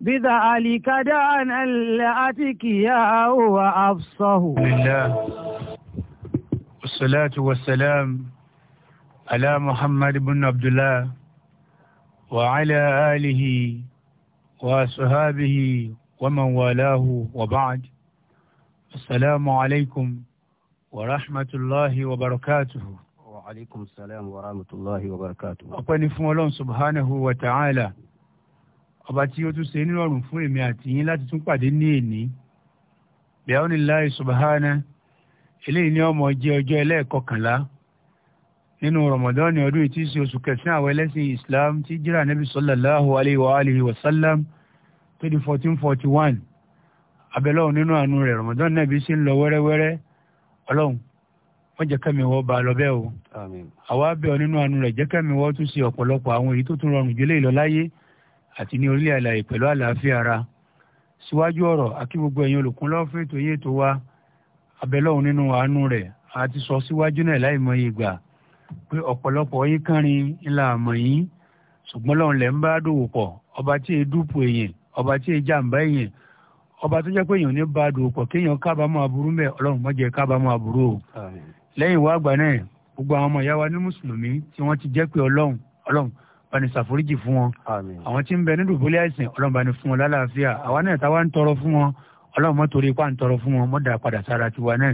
بذلك أن الأتك يا هو أفصه لله والصلاة والسلام على محمد بن عبد الله وعلى آله وصحابه ومن والاه وبعد السلام عليكم ورحمة الله وبركاته وعليكم السلام ورحمة الله وبركاته أقول سبحانه وتعالى ọba tí ó tún ṣe nírọ̀rùn fún èmi àti yín láti tún pàdé ní èní bi'awnillahi subhana eléyìí ni ọmọ jẹ́ ọjọ́ ẹlẹ́ẹ̀kọkànlá nínú rọmọdọ́ọ̀nì ọdún tí í ṣe oṣù kẹsàn-án àwọn ẹlẹ́sìn islam tí jíra nabi sallallahu alayhi wa alihi wa sallam tó fourteen forty one abẹ́lọ́hùn nínú àánú rẹ̀ rọmọdọ́ọ̀nì náà bí ṣe ń lọ wẹ́rẹ́wẹ́rẹ́ ọlọ́hun wọ́n jẹ́ kẹ́mi wọ́n ba lọ bẹ́ẹ̀ o àwa bẹ̀ ọ́ nínú àánú rẹ̀ jẹ́ kẹ́mi wọ́n tún ṣe ọ̀pọ̀lọpọ̀ àwọn èyí tó tún rọrùn jùlẹ̀ ìlọ àti ní orílẹ̀ àlàyé pẹ̀lú àlàáfíà ara síwájú ọ̀rọ̀ àkí gbogbo ẹ̀yin olùkúnlọ́ fún ètò yìí ètò wa abẹ́lọ́hùn nínú àánú rẹ̀ àti sọ síwájú náà láìmọye ìgbà pé ọ̀pọ̀lọpọ̀ yín kánrin ńlá àmọ̀ yín ṣùgbọ́n lọ́hùn lẹ́ ń bá dòwò pọ̀ ọba tí èé dúpò èèyàn ọba tí èé jàǹbá èèyàn ọba tó jẹ́ pé èèyàn ní bá dòwò pọ̀ kéèyàn kábàámọ̀ aburú mẹ́ ọlọ́run má kábàámọ̀ aburú o lẹ́yìn wá àgbà náà gbogbo àwọn ọmọ ìyá wa ní mùsùlùmí tí wọ́n ti jẹ́ pé ọlọ́run ọlọ́run bani ṣàforíjì fún wọn àwọn tí ń bẹ nínú ìbólé àìsàn ọlọ́run bani fún wọn lálàáfíà àwa náà táwa ń tọrọ fún wọn ọlọ́run mọ́ torí ipá ń tọrọ fún wọn mọ́ dà padà sára tiwa náà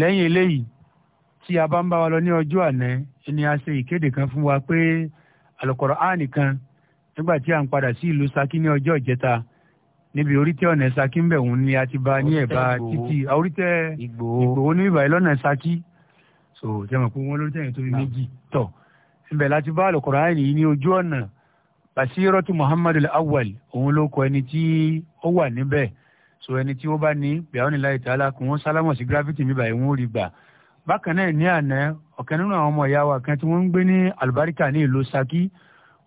lẹ́yìn eléyìí tí a bá ń bá wa lọ ní ọjọ́ àná ni a ṣe ìkéde kan fún wa pé Al-Qur'ani kan nígbà tí a ń padà sí ìlú Ṣakí ní ọjọ́ ìjẹta níbi orítẹ́ ọ̀nà Ṣakí ń bẹ̀ ni a ti ba ní ẹ̀bá títí orítẹ́ Ìgbòho ní ìbàyẹ̀ lọ́nà Ṣakí so jẹ́ mọ̀ pé wọ́n lórí tẹ̀yìn tó méjì tọ̀ síbẹ̀ láti bá alukur'ani yìí ní ojú ọ̀nà basiratu muhammadu awwal òun ló kọ ẹni tí ó wà níbẹ̀ so ẹni tí ó bá ní bíáwọn ní láì tààlà kò wọ́n sálámọ̀ sí gírafìtì mi báyìí wọ́n rí gbà bákan náà ní àná ọ̀kan nínú àwọn ọmọ ìyá wa kan tí wọ́n ń gbé ní alubarika ní ìlú saki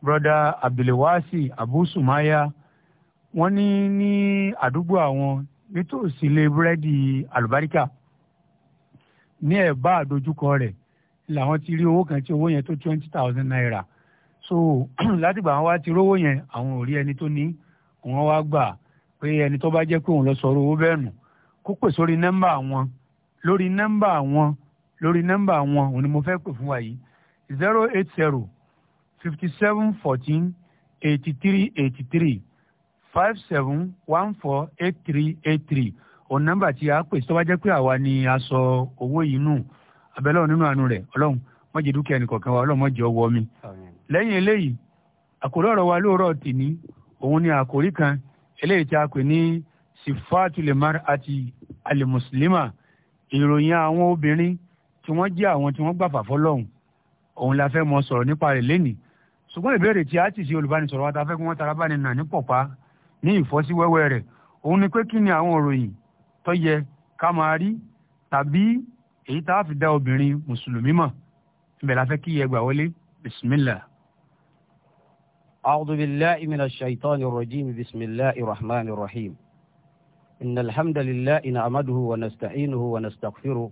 broda abdulwasi abu sumaya wọ́n ní ní àdúgbò àwọn nítòsí ilé búrẹ́dì alubarika ní ẹ̀bá àdójúkọ rẹ̀ làwọn ti rí owó kan tí owó yẹn tó twenty thousand naira so látìgbà wọn wá ti rówó yẹn àwọn ò rí ẹni tó ní wọn wá gbà pé ẹni tó bá jẹ́ pé òun lọ sọ̀rọ̀ owó bẹ́ẹ̀ nù kó pè sórí nọ́mbà wọn lórí nọ́mbà wọn lórí nọ́mbà wọn òun ni mo fẹ́ pè fún wa yìí zero eight zero fifty seven fourteen eighty three eighty three five seven one four eight three eight three òun nọ́mbà tí a pè tó bá jẹ́ pé àwa ni a sọ owó yìí nù abẹ́lẹ́ nínú àánú rẹ̀ ọlọ́run má jẹ́ dúkìá ẹnìkọ̀ọ̀kan wa ọlọ́run má jẹ́ ọwọ́ mi. lẹ́yìn eléyìí àkórí ọ̀rọ̀ wa lóòrọ̀ tìní òun ni àkórí kan eléyìí tí a pè ní sifatule mar'ati alimuslima ìròyìn àwọn obìnrin tí wọ́n jẹ́ àwọn tí wọ́n gbàfà fọlọ́hún òun la fẹ́ mọ sọ̀rọ̀ nípa rẹ̀ lẹ́nìí ṣùgbọ́n ìbéèrè tí a ti ṣe olùbánisọ̀rọ̀ wa ta fẹ́ kí wọ́n tara báni nà ní pọ̀pá ní ìfọ́síwẹ́wẹ́ rẹ̀ òun ni pé kí ni àwọn òròyìn tó yẹ ká máa rí tàbí èyí tá a fi dá obìnrin mùsùlùmí mọ̀ ibẹ̀ la fẹ́ kí ẹ gbà wọlé bisimilá. أعوذ بالله من الشيطان الرجيم بسم الله الرحمن الرحيم إن الحمد لله نعمده ونستعينه ونستغفره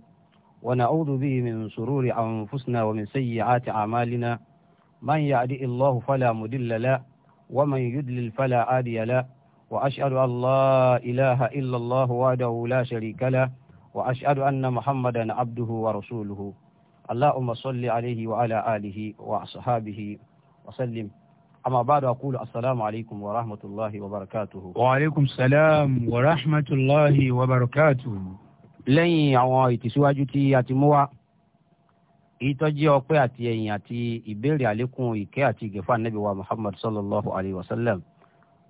ونعوذ به من شرور أنفسنا ومن سيئات أعمالنا من يهدئ الله فلا مضل له ومن يضلل فلا هادي له وأشهد أن لا إله إلا الله وحده لا شريك له وأشهد أن محمدا عبده ورسوله اللهم صل عليه وعلى آله وأصحابه وسلم أما بعد أقول السلام عليكم ورحمة الله وبركاته وعليكم السلام ورحمة الله وبركاته lẹ́yìn àwọn ìtẹ̀síwájú tí a ti mú wá èyí tó jẹ́ ọpẹ́ àti ẹ̀yìn àti ìbéèrè àlékún ìkẹ́ àti ìgẹ̀fà nẹ́bí wa muhammad sallallahu alayhi wa sallam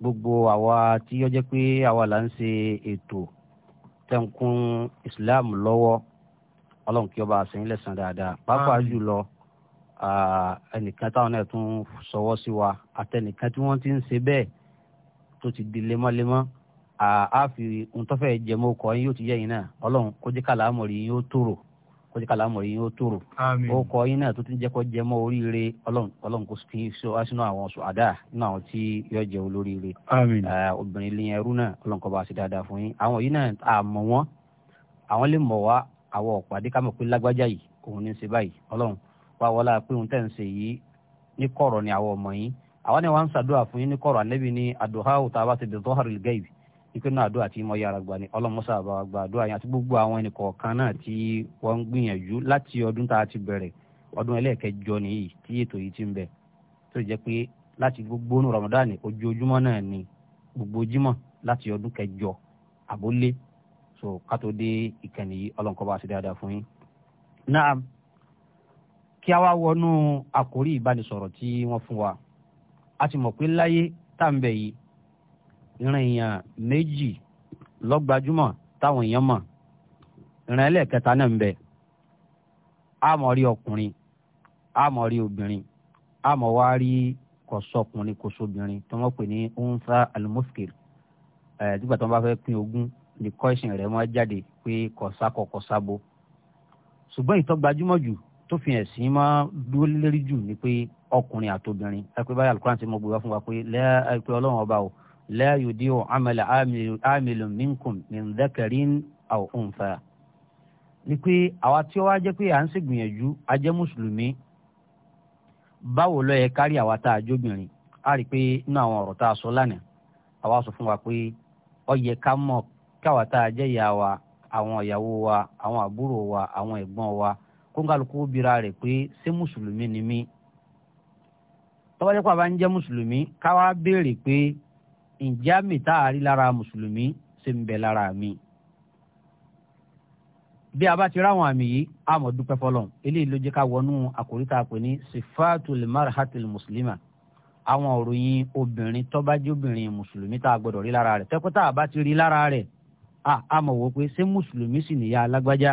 gbogbo àwa tí ó jẹ́ pé àwa là ń ṣe ètò tẹ̀kún islam lọ́wọ́ ọlọ́run kí ọba àṣẹyìn lẹ́sàn dáadáa pàápàá jùlọ ẹnìkan táwọn náà tún sọwọ́ sí wa àtẹnìkan tí wọ́n ti ń ṣe bẹ́ẹ̀ tó ti di lemọ́lemọ́ àáfi ohun tó fẹ́ jẹmọ́ ọkọ̀ yín yóò ti yẹ náà ọlọ́run kó jẹ́ kàlámọ̀rí yín ó tòrò kó jẹ́ kàlámù yín ó tòrò ó kọ yín náà tó ti jẹ́ kó jẹ́ mọ́ oríire ọlọ́run kó fi wá sínú àwọn sùádà nínú àwọn tí yóò jẹ́ olóríire obìnrin lè ẹrú náà ọlọ́run kó bá ṣe dáadáa fún yín àwọn yìí náà àmọ́ wọn àwọn lè mọ̀ wá àwọn ọ̀pàdé ká mọ̀ pé lágbájá yìí òun ní ṣe báyìí ọlọ́run wá wọlá pé òun tẹ̀ ń ṣe yìí ní kọ̀rọ̀ ni àwọn ọmọ yín àwọn ni wọ́n ń ṣàdúrà fún yín ní kọ̀rọ̀ ànẹ́bí ní àdùhá òtá bá ti dùn tó hàrù gẹ́yìí ipe náà àdúrà tí mo yára gbà ní ọlọ́mọṣà àbáwá gba àdúrà yẹn àti gbogbo àwọn ẹnì kọ̀ọ̀kan náà tí wọ́n ń gbìyànjú láti ọdún tá a ti bẹ̀rẹ̀ ọdún ẹlẹ́ẹ̀kẹjọ nìyí tí ètò yìí ti ń bẹ tó jẹ́ pé láti gbogbo ní Ramadan ojoojúmọ́ náà ni gbogbo jímọ̀ láti ọdún kẹjọ àbólé so kátó dé ìkànnì yìí ọlọ́nkọ́ba ṣe dáadáa fún yín. naam kí a wá wọnú àkórí ìbánisọ̀rọ̀ tí wọ́n fún wa a ti mọ̀ pé láyé tá à ń bẹ yìí ìrìn èèyàn méjì lọ́gbajúmọ̀ táwọn èèyàn mọ̀ ìrìn ẹlẹ́ẹ̀kẹta náà ń bẹ àmọ́ rí ọkùnrin àmọ́ rí obìnrin àmọ́ wá rí kọ̀sọ́kùnrin kọ̀sọ́bìnrin tí wọ́n pè ní onsa almuskil ẹ̀ nígbà tí wọ́n bá fẹ́ pín ogún ní kọ́ìsìn rẹ̀ wọ́n jáde pé kọ̀sákọ̀ kọ̀sábo ṣùgbọ́n ìtọ́gbajúmọ̀ jù tó fi ẹ̀sìn máa dúró lérí jù ni pé ọkùnrin àtobìnrin ẹ pé báyà alukóran ti mọ gbé wá fún wa pé lẹ́yà pé ọlọ́run ọba o لا يديع عمل عامل, عامل منكم من ذكر ni pé àwa tí ó wá jẹ́ a jẹ́ mùsùlùmí báwo ló yẹ a jóbìnrin a rí i pé inú àwọn ọ̀rọ̀ tá a sọ lánàá àwa wa awon ó wa bira ni mí tọ́wọ́dẹ́pọ̀ àbá ń jẹ́ musulumi káwa béèrè pé ǹjẹ́ mi tá a rí lára mùsùlùmí ṣe ń bẹ lára mi. bí a bá ti ráwọn àmì yìí a mọ̀ dúpẹ́ fọlọ́n eléyìí ló jẹ́ ká wọnú àkòrí pè ní sifatul marhatil muslima àwọn òròyìn obìnrin tó bá jẹ́ obìnrin mùsùlùmí tá a gbọ́dọ̀ rí lára rẹ̀ tẹ́kọ́ tá a bá ti rí lára rẹ̀ a a mọ̀ wò pé ṣé mùsùlùmí sì nìyá alágbájá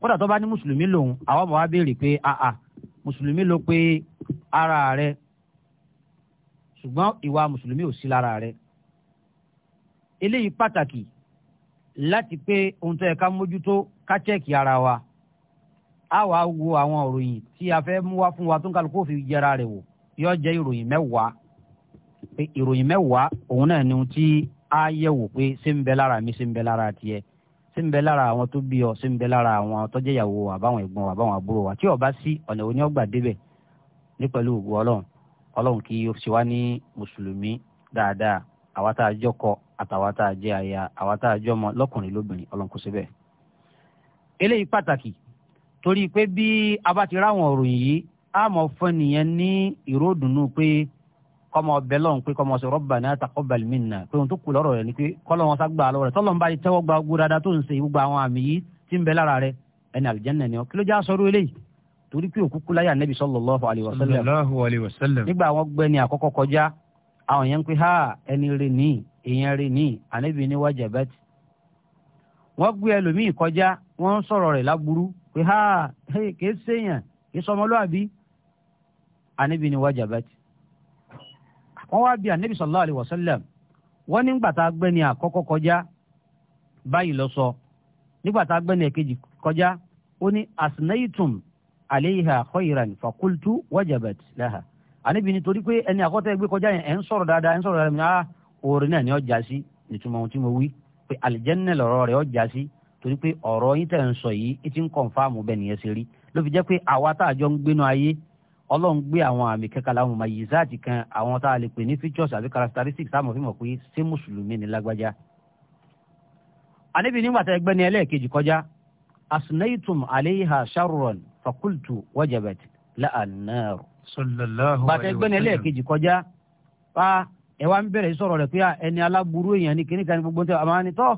kódà tó ní mùsùlùmí lòun àwọn ọmọ wa béèrè pé a a mùsùlùmí ló pé ara rẹ̀ ṣùgbọ́n ìwà mùsùlùmí ò sí lára rẹ̀ eléyìí pàtàkì láti pé ohun tó yẹ ká mójútó ká chẹ́ẹ̀kì ara wa a wàá wo àwọn ìròyìn tí a fẹ́ mú wá fún wa tó ń kálukú òfin jẹra rẹ̀ wò yóò jẹ́ ìròyìn mẹ́wàá pé ìròyìn mẹ́wàá òun náà ni ohun tí a yẹ̀ wò pé ṣé ń bẹ lára mi ṣé ń bẹ lára tiẹ̀ ṣé ń bẹ lára àwọn tó bí ọ ṣé ń bẹ lára àwọn tọ́jẹ́yàwó àbáwọn ẹ̀gbọ́n àbáwọn àbúrò wa tí ó sí ọ̀nà òní ọgbà débẹ̀ ní pẹ̀lú ògùn ọlọ́run ọlọ́run kí ó ṣe wá ní mùsùlùmí dáadáa àwa tá a jọkọ àtàwa tá a jẹ aya àwa tá a jọmọ lọ́kùnrin lóbìnrin ọlọ́run kò síbẹ̀. eléyìí pàtàkì torí pé bí a bá ti ráwọn òròyìn yìí a mọ̀ fún nìyẹn ní ìró pé kọ́mọ ọbẹ̀ lọ́hùn pé kọ́mọ sọ̀rọ̀ bàná taqabbal minna pé òun tó kù lọ́rọ̀ rẹ̀ ni pé kọ́lọ́wọ́n sá gbà lọ́wọ́ rẹ̀ tọ́lọ́mùbá ti tẹ́wọ́ gba gbúdada tó ń ṣe gbogbo àwọn àmì torí pé òkúkú láyà nẹ́bí sallallahu alayhi wa sallam. sallallahu kọjá àwọn yẹn ń pè ha ẹni rè ni, èèyàn rè ni, wọ́n gbé ẹlòmíì kọjá wọ́n ń sọ̀rọ̀ rẹ̀ láburú pé ha kìí séèyàn kìí sọmọlúàbí wọ́n wá bí wọ́n nígbà tá a àkọ́kọ́ kọjá báyìí lọ sọ nígbà tá a ẹ̀kejì kọjá ó ní alayha khayran fakultu wajabat laha anibi nítorí pé ẹni àkọ́tẹ́ gbé kọjá yẹn ẹ̀ ń sọ̀rọ̀ dáadáa ẹ̀ ń sọ̀rọ̀ dáadáa mi ah orin náà ni ọjà sí nítumọ̀ ohun tí mo wí pé alìjẹ́nẹ̀ lọ̀rọ̀ rẹ̀ ọjà sí torí pé ọ̀rọ̀ yín tẹ̀ ń sọ yìí ti ń kọ̀nfàmù bẹ́ẹ̀ nìyẹn ṣe rí ló fi jẹ́ pé àwa tá a jọ ń gbénu ayé ọlọ́run gbé àwọn àmì kẹ́kẹ́ láwọn ọmọ záàtì kan àwọn tá a lè pè ní features àbí characteristics táwọn fi mọ̀ pé ṣé mùsùlùmí ni lágbájá. àníbi nígbà tá ẹgbẹ́ ni ẹlẹ́ẹ̀kejì kọjá asnaitum alayha sharron fakultu wajabat la'anaaru. sallallahu alayhi wa sallam. bàtà gbẹ́ni ẹlẹ́ẹ̀kejì kọjá pa ẹ wá ń bẹ̀rẹ̀ sọ̀rọ̀ rẹ̀ pé ẹni aláburú èèyàn ni kíníkà ni gbogbo ń tẹ́ àmọ́ ni tọ́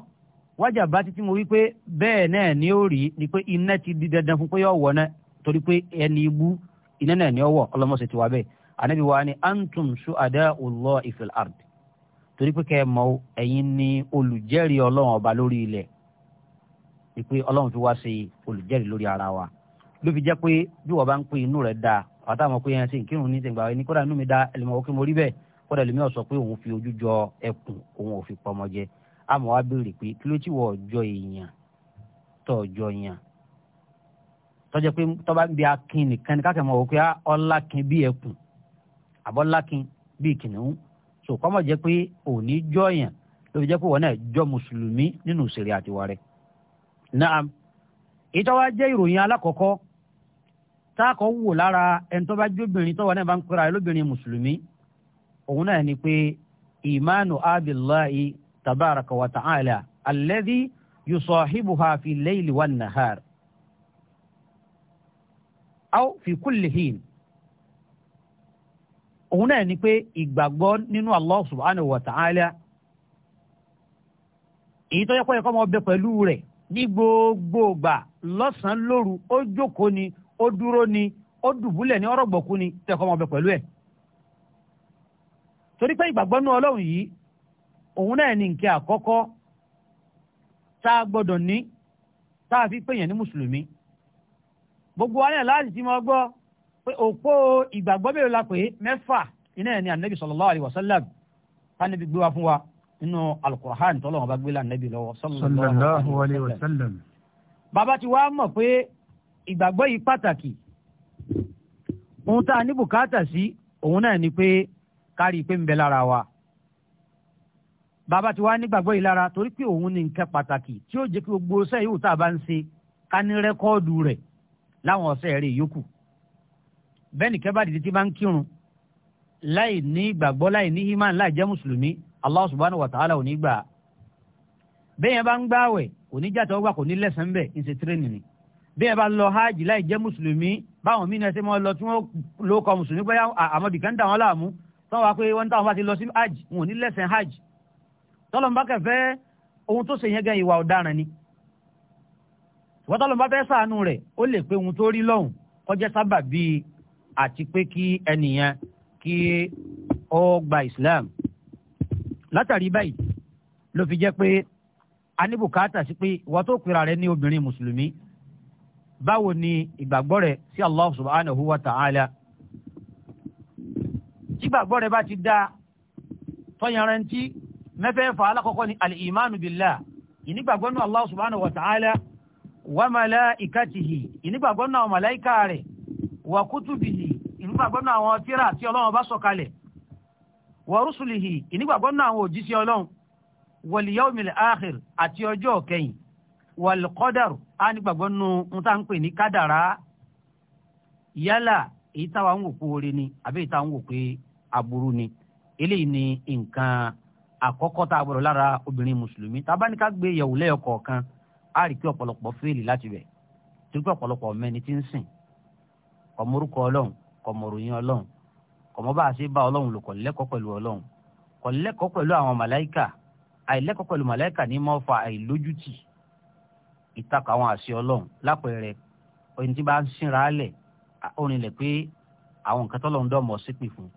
wájàbá títí mo wí pé bẹ́ẹ̀ náà ni ó rí ni pé iná ti di dandan fún pé yóò wọ̀ náà torí pé ẹni ibú iná náà ni ó wọ̀ ọlọ́mọ̀ọ́sẹ̀ ti wá bẹ́ẹ̀ anabi wa ni antum shuhada'ullahi fil ard torí pé kẹ́ẹ̀ mọ̀ ni olùjẹ́rìí ọlọ́run ọba lórí ilẹ̀ ni pé ọlọ́run fi wá ṣe olùjẹ́rìí lórí ara wa ló fi jẹ́ pé bí wọ́n bá ń pe inú rẹ̀ da àtàwọn ọmọ pé yẹn sì ń kírun ní ìsìnkú àwọn ẹni kódà inú mi da ẹlẹ́mọ̀ òkè mo rí bẹ́ẹ̀ kódà lèmi ọ̀sọ́ pé òun fi ojú jọ ẹkùn òun ò fi pọmọ jẹ àmọ́ wá béèrè pé kí ló tí wọ́n jọ èèyàn tó jọ èèyàn tọ́jọ́ pé tọ́ba ń bi akin nìkan ni káàkiri mọ̀ wò pé ọlákin ah, bí ẹkùn àbọ̀lákin bí kìnìún so kọ́mọ̀ jẹ́ pé òní jọ èèyàn ló fi jẹ́ pé wọ́n náà jọ mùsùlùmí nínú ìṣeré àtiwárẹ̀ náà ìtọ́wá jẹ́ ìròyìn alákọ̀ọ́kọ́ táàkọ̀ ń wò lára ẹni tó bá jóbìnrin tó wà náà bá ń pera lóbìnrin mùsùlùmí òun náà ni pé ìmánu abillahi tabaraka wa ta'ala alladhi yusahibuha fi layli wan nahar aw fi kulli hin òun náà ni pé ìgbàgbọ́ nínú Allah subhanahu wa ta'ala èyí tó yẹ kó yẹ kó máa bẹ pẹ̀lú rẹ̀ ní gbogbo ìgbà lọ́sàn-án lóru ó jókòó ni ó dúró ni ó dùbúlẹ̀ ní ọ̀rọ̀ gbọ̀kú ni tẹ̀kọ́ ọmọ ọbẹ̀ pẹ̀lú ẹ̀ torí pé ìgbàgbọ́ nú ọlọ́run yìí òun náà ní nǹkan àkọ́kọ́ tá a gbọ́dọ̀ ní tá a fi pèèyàn ní mùsùlùmí gbogbo ayé láti ti máa gbọ́ pé òpó ìgbàgbọ́ bẹ́ẹ̀ la pé mẹ́fà iná ẹ̀ ní anabi sallallahu alaihi wasallam anabi gbé wa fún wa nínú alukur'an tọ́lọ́wọ́n bá gbé lànàbì lọ́wọ́ sallallahu alaihi wasallam bàbá ti wá mọ̀ pé ìgbàgbọ́ yìí pàtàkì ohun tá a ní bùkátà sí òun náà ni pé kárí pé ń bẹ lára wa bàbá ti wá nígbàgbọ́ yìí lára torí pé òun ní nǹkan pàtàkì tí ó jẹ́ kí gbogbo ọ̀sẹ̀ yòówù tá a bá ń ṣe ká ní rẹ́kọ́ọ̀dù rẹ̀ láwọn ọ̀sẹ̀ rẹ̀ yòókù bẹ́ẹ̀ nìkan bá dìde tí bá ń kírun láì ní ìgbàgbọ́ láì ní iman láì jẹ́ mùsùlùmí Allah subhanahu wa ta'ala ò ní gbà á bẹ́ẹ̀ yẹn bá ń gbààwẹ̀ kò jàtọ̀ ọgbà kò ní lẹ́sàn-án bẹ́ẹ̀ ń ṣe tírénì ni bí ẹ bá lọ hajj láì jẹ́ mùsùlùmí báwọn míì náà ṣe mọ́ lọ tí wọ́n ló kọ mùsùlùmí bóyá àmọ́bì kan dà wọ́n láàmú tán wá pé wọ́n táwọn bá ti lọ sí hajj wọn ò ní lẹ́sẹ̀ hajj tọ́lọ́mbà kẹfẹ́ ohun tó ṣe yẹn gan ìwà ọ̀daràn ni wọ́n tọ́lọ́mbà fẹ́ sàánú rẹ̀ ó lè pé ohun tó rí lọ́hùn kọjá sábà bíi àti pé kí ẹnìyẹn kí ó gba Islam látàrí báyìí ló fi jẹ́ pé a ní bùkátà sí pé ìwà tó pera rẹ̀ ní obìnrin mùsùlùmí báwo ni ìgbàgbọ́ rẹ sí Allah subhanahu wa ta'ala tí ìgbàgbọ́ rẹ bá ti dá tọ́yanrantí mẹ́fẹ́ẹ̀fà alákọ̀ọ́kọ́ ni al-imanu billah ìnígbàgbọ́ nù Allah subhanahu wa ta'ala wa malaikatihi ìnígbàgbọ́ nù àwọn màláìka rẹ̀ wa kutubihi ìnígbàgbọ́ nù àwọn tírà tí ọlọ́run bá sọ̀kalẹ̀ wa rusulihi ìnígbàgbọ́ nù àwọn òjíṣẹ́ ọlọ́run wal yawmil akhir àti ọjọ́ kẹyìn wàlùkọ́dàrú á nígbàgbọ́ nù ń tá ń pè ní kádàrá yálà èyí táwa ń wò pé oore ni àbí èyí táwa ń wò pé aburú ni eléyìí ni nǹkan àkọ́kọ́ tá a gbọ́dọ̀ lára obìnrin mùsùlùmí tá a bá ní ká gbé yẹ̀wò lẹ́yọkọ̀ọ̀kan á rí i pé ọ̀pọ̀lọpọ̀ fèèlì láti bẹ̀ torí pé ọ̀pọ̀lọpọ̀ mẹ́ni ti ń sìn kọ̀mọ́rúkọ ọlọ́run kọ̀mọ̀ròyìn ọlọ́run kọ̀mọ́ bá ọlọ́run lò kọ̀lẹ́kọ̀ọ́ pẹ̀lú ọlọ́run kọ̀lẹ́kọ̀ọ́ pẹ̀lú àwọn màláìkà àìlẹ́kọ̀ọ́ pẹ̀lú màláìkà ní mọ́ àìlójútì ìtakà àwọn àṣẹ ọlọ́run lápẹẹrẹ ẹni tí bá ń sínra lẹ̀ ó rinlẹ̀ pé àwọn nǹkan tọ́lọ̀ ń dọ̀mọ̀ sípì fún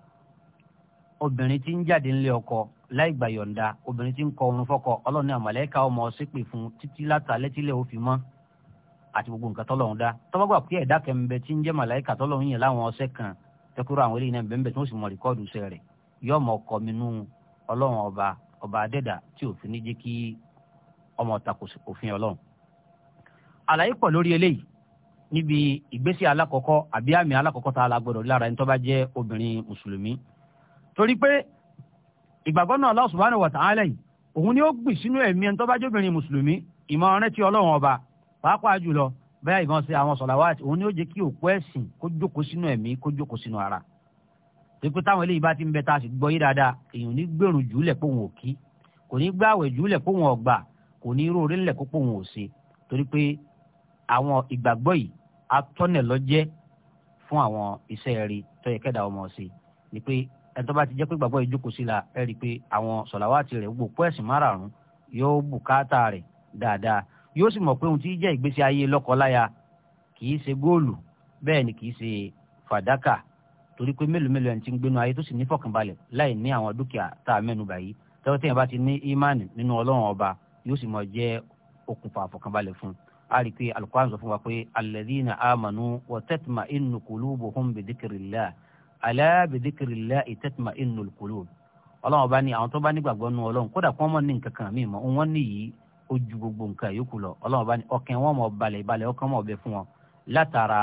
obìnrin tí ń jáde ńlẹ̀ ọkọ láì gbà yọ̀ǹda obìnrin tí ń kọ orun fọ́kọ ọlọ́run ní àmàlẹ́kà ọmọ sípì fún títí látàlẹ́ tílẹ̀ ó mọ́ àti gbogbo nǹkan tọ́lọ̀ ń dá tọ́gbàgbà pé ẹ̀dá kẹ́mbẹ́ tí ń jẹ́ màláìkà tọ́lọ̀ ń láwọn ọ̀sẹ̀ kan tẹ́kúrò àwọn eléyìí náà bẹ́ẹ̀ tí wọ́n sì mọ rìkọ́ọ̀dù iṣẹ́ rẹ̀ yóò mọ ọkọ mi nú ọlọ́run ọba ọba adẹ́dà tí òfin ní jẹ́ kí ọmọ tako òfin ọlọ́run àlàyé pọ̀ lórí eléyìí níbi ìgbésẹ̀ alákọ̀ọ́kọ́ àbí àmì alákọ̀ọ́kọ́ tá a la gbọ́dọ̀ lára ẹni tó bá jẹ́ obìnrin mùsùlùmí torí pé ìgbàgbọ́ náà Allah subhanahu wa ta'ala yìí òun ni ó gbìn sínú ẹ̀mí ẹni tó bá jẹ́ obìnrin mùsùlùmí ìmọ̀ràn tí ọlọ́run ọba pàápàá jùlọ bẹ́ẹ̀ ìbọn ṣe àwọn sọ̀làwàtì òun ni ó jẹ́ kí òkú ẹ̀sìn kó jókòó sínú ẹ̀mí kó jókòó sínú ara pípẹ́ táwọn eléyìí bá ti ń bẹ tá a sì gbọ́ yí dáadáa èèyàn ní gbèrún jùlẹ̀ pé òun ò kí kò ní gbààwẹ̀ jùlẹ̀ pé òun ọ̀gbà kò ní irú orílẹ̀ kó pé òun ò ṣe torí pé àwọn ìgbàgbọ́ yìí atọ́nẹ̀lọ́jẹ́ fún àwọn iṣẹ́ rí tó yẹ kẹ́dà ọmọ sí ni pé ẹni tó bá ti jẹ́ pé gbàgbọ́ yìí jókòó sí la ẹ rí i pé àwọn sọ̀làwátì rẹ̀ gbogbo ẹ̀sìn márààrún yóò bùkátà rẹ̀ dáadáa yóò sì mọ̀ pé ohun tí jẹ́ ìgbésí ayé lọ́kọláya kì í ṣe góòlù bẹ́ẹ̀ ni kì í ṣe fàdákà torí pé mélòó mélòó ẹni tí ń gbénu a rí i pé alukóran sọ fún wa pé alladhina amanu wa tatma'innu qulubuhum bi dhikrillah ala bi dhikrillah tatma'innul qulub ọlọ́run ọba ní àwọn tó bá nígbàgbọ́ nu ọlọ́run kódà kí wọ́n mọ̀ ní nǹkan kan míì mọ́ wọ́n níyì ó ju gbogbo nǹkan yòókù lọ ọlọ́run ọba ní ọkàn wọn mọ̀ balẹ̀ balẹ̀ ọkàn mọ̀ bẹ fún wọn látara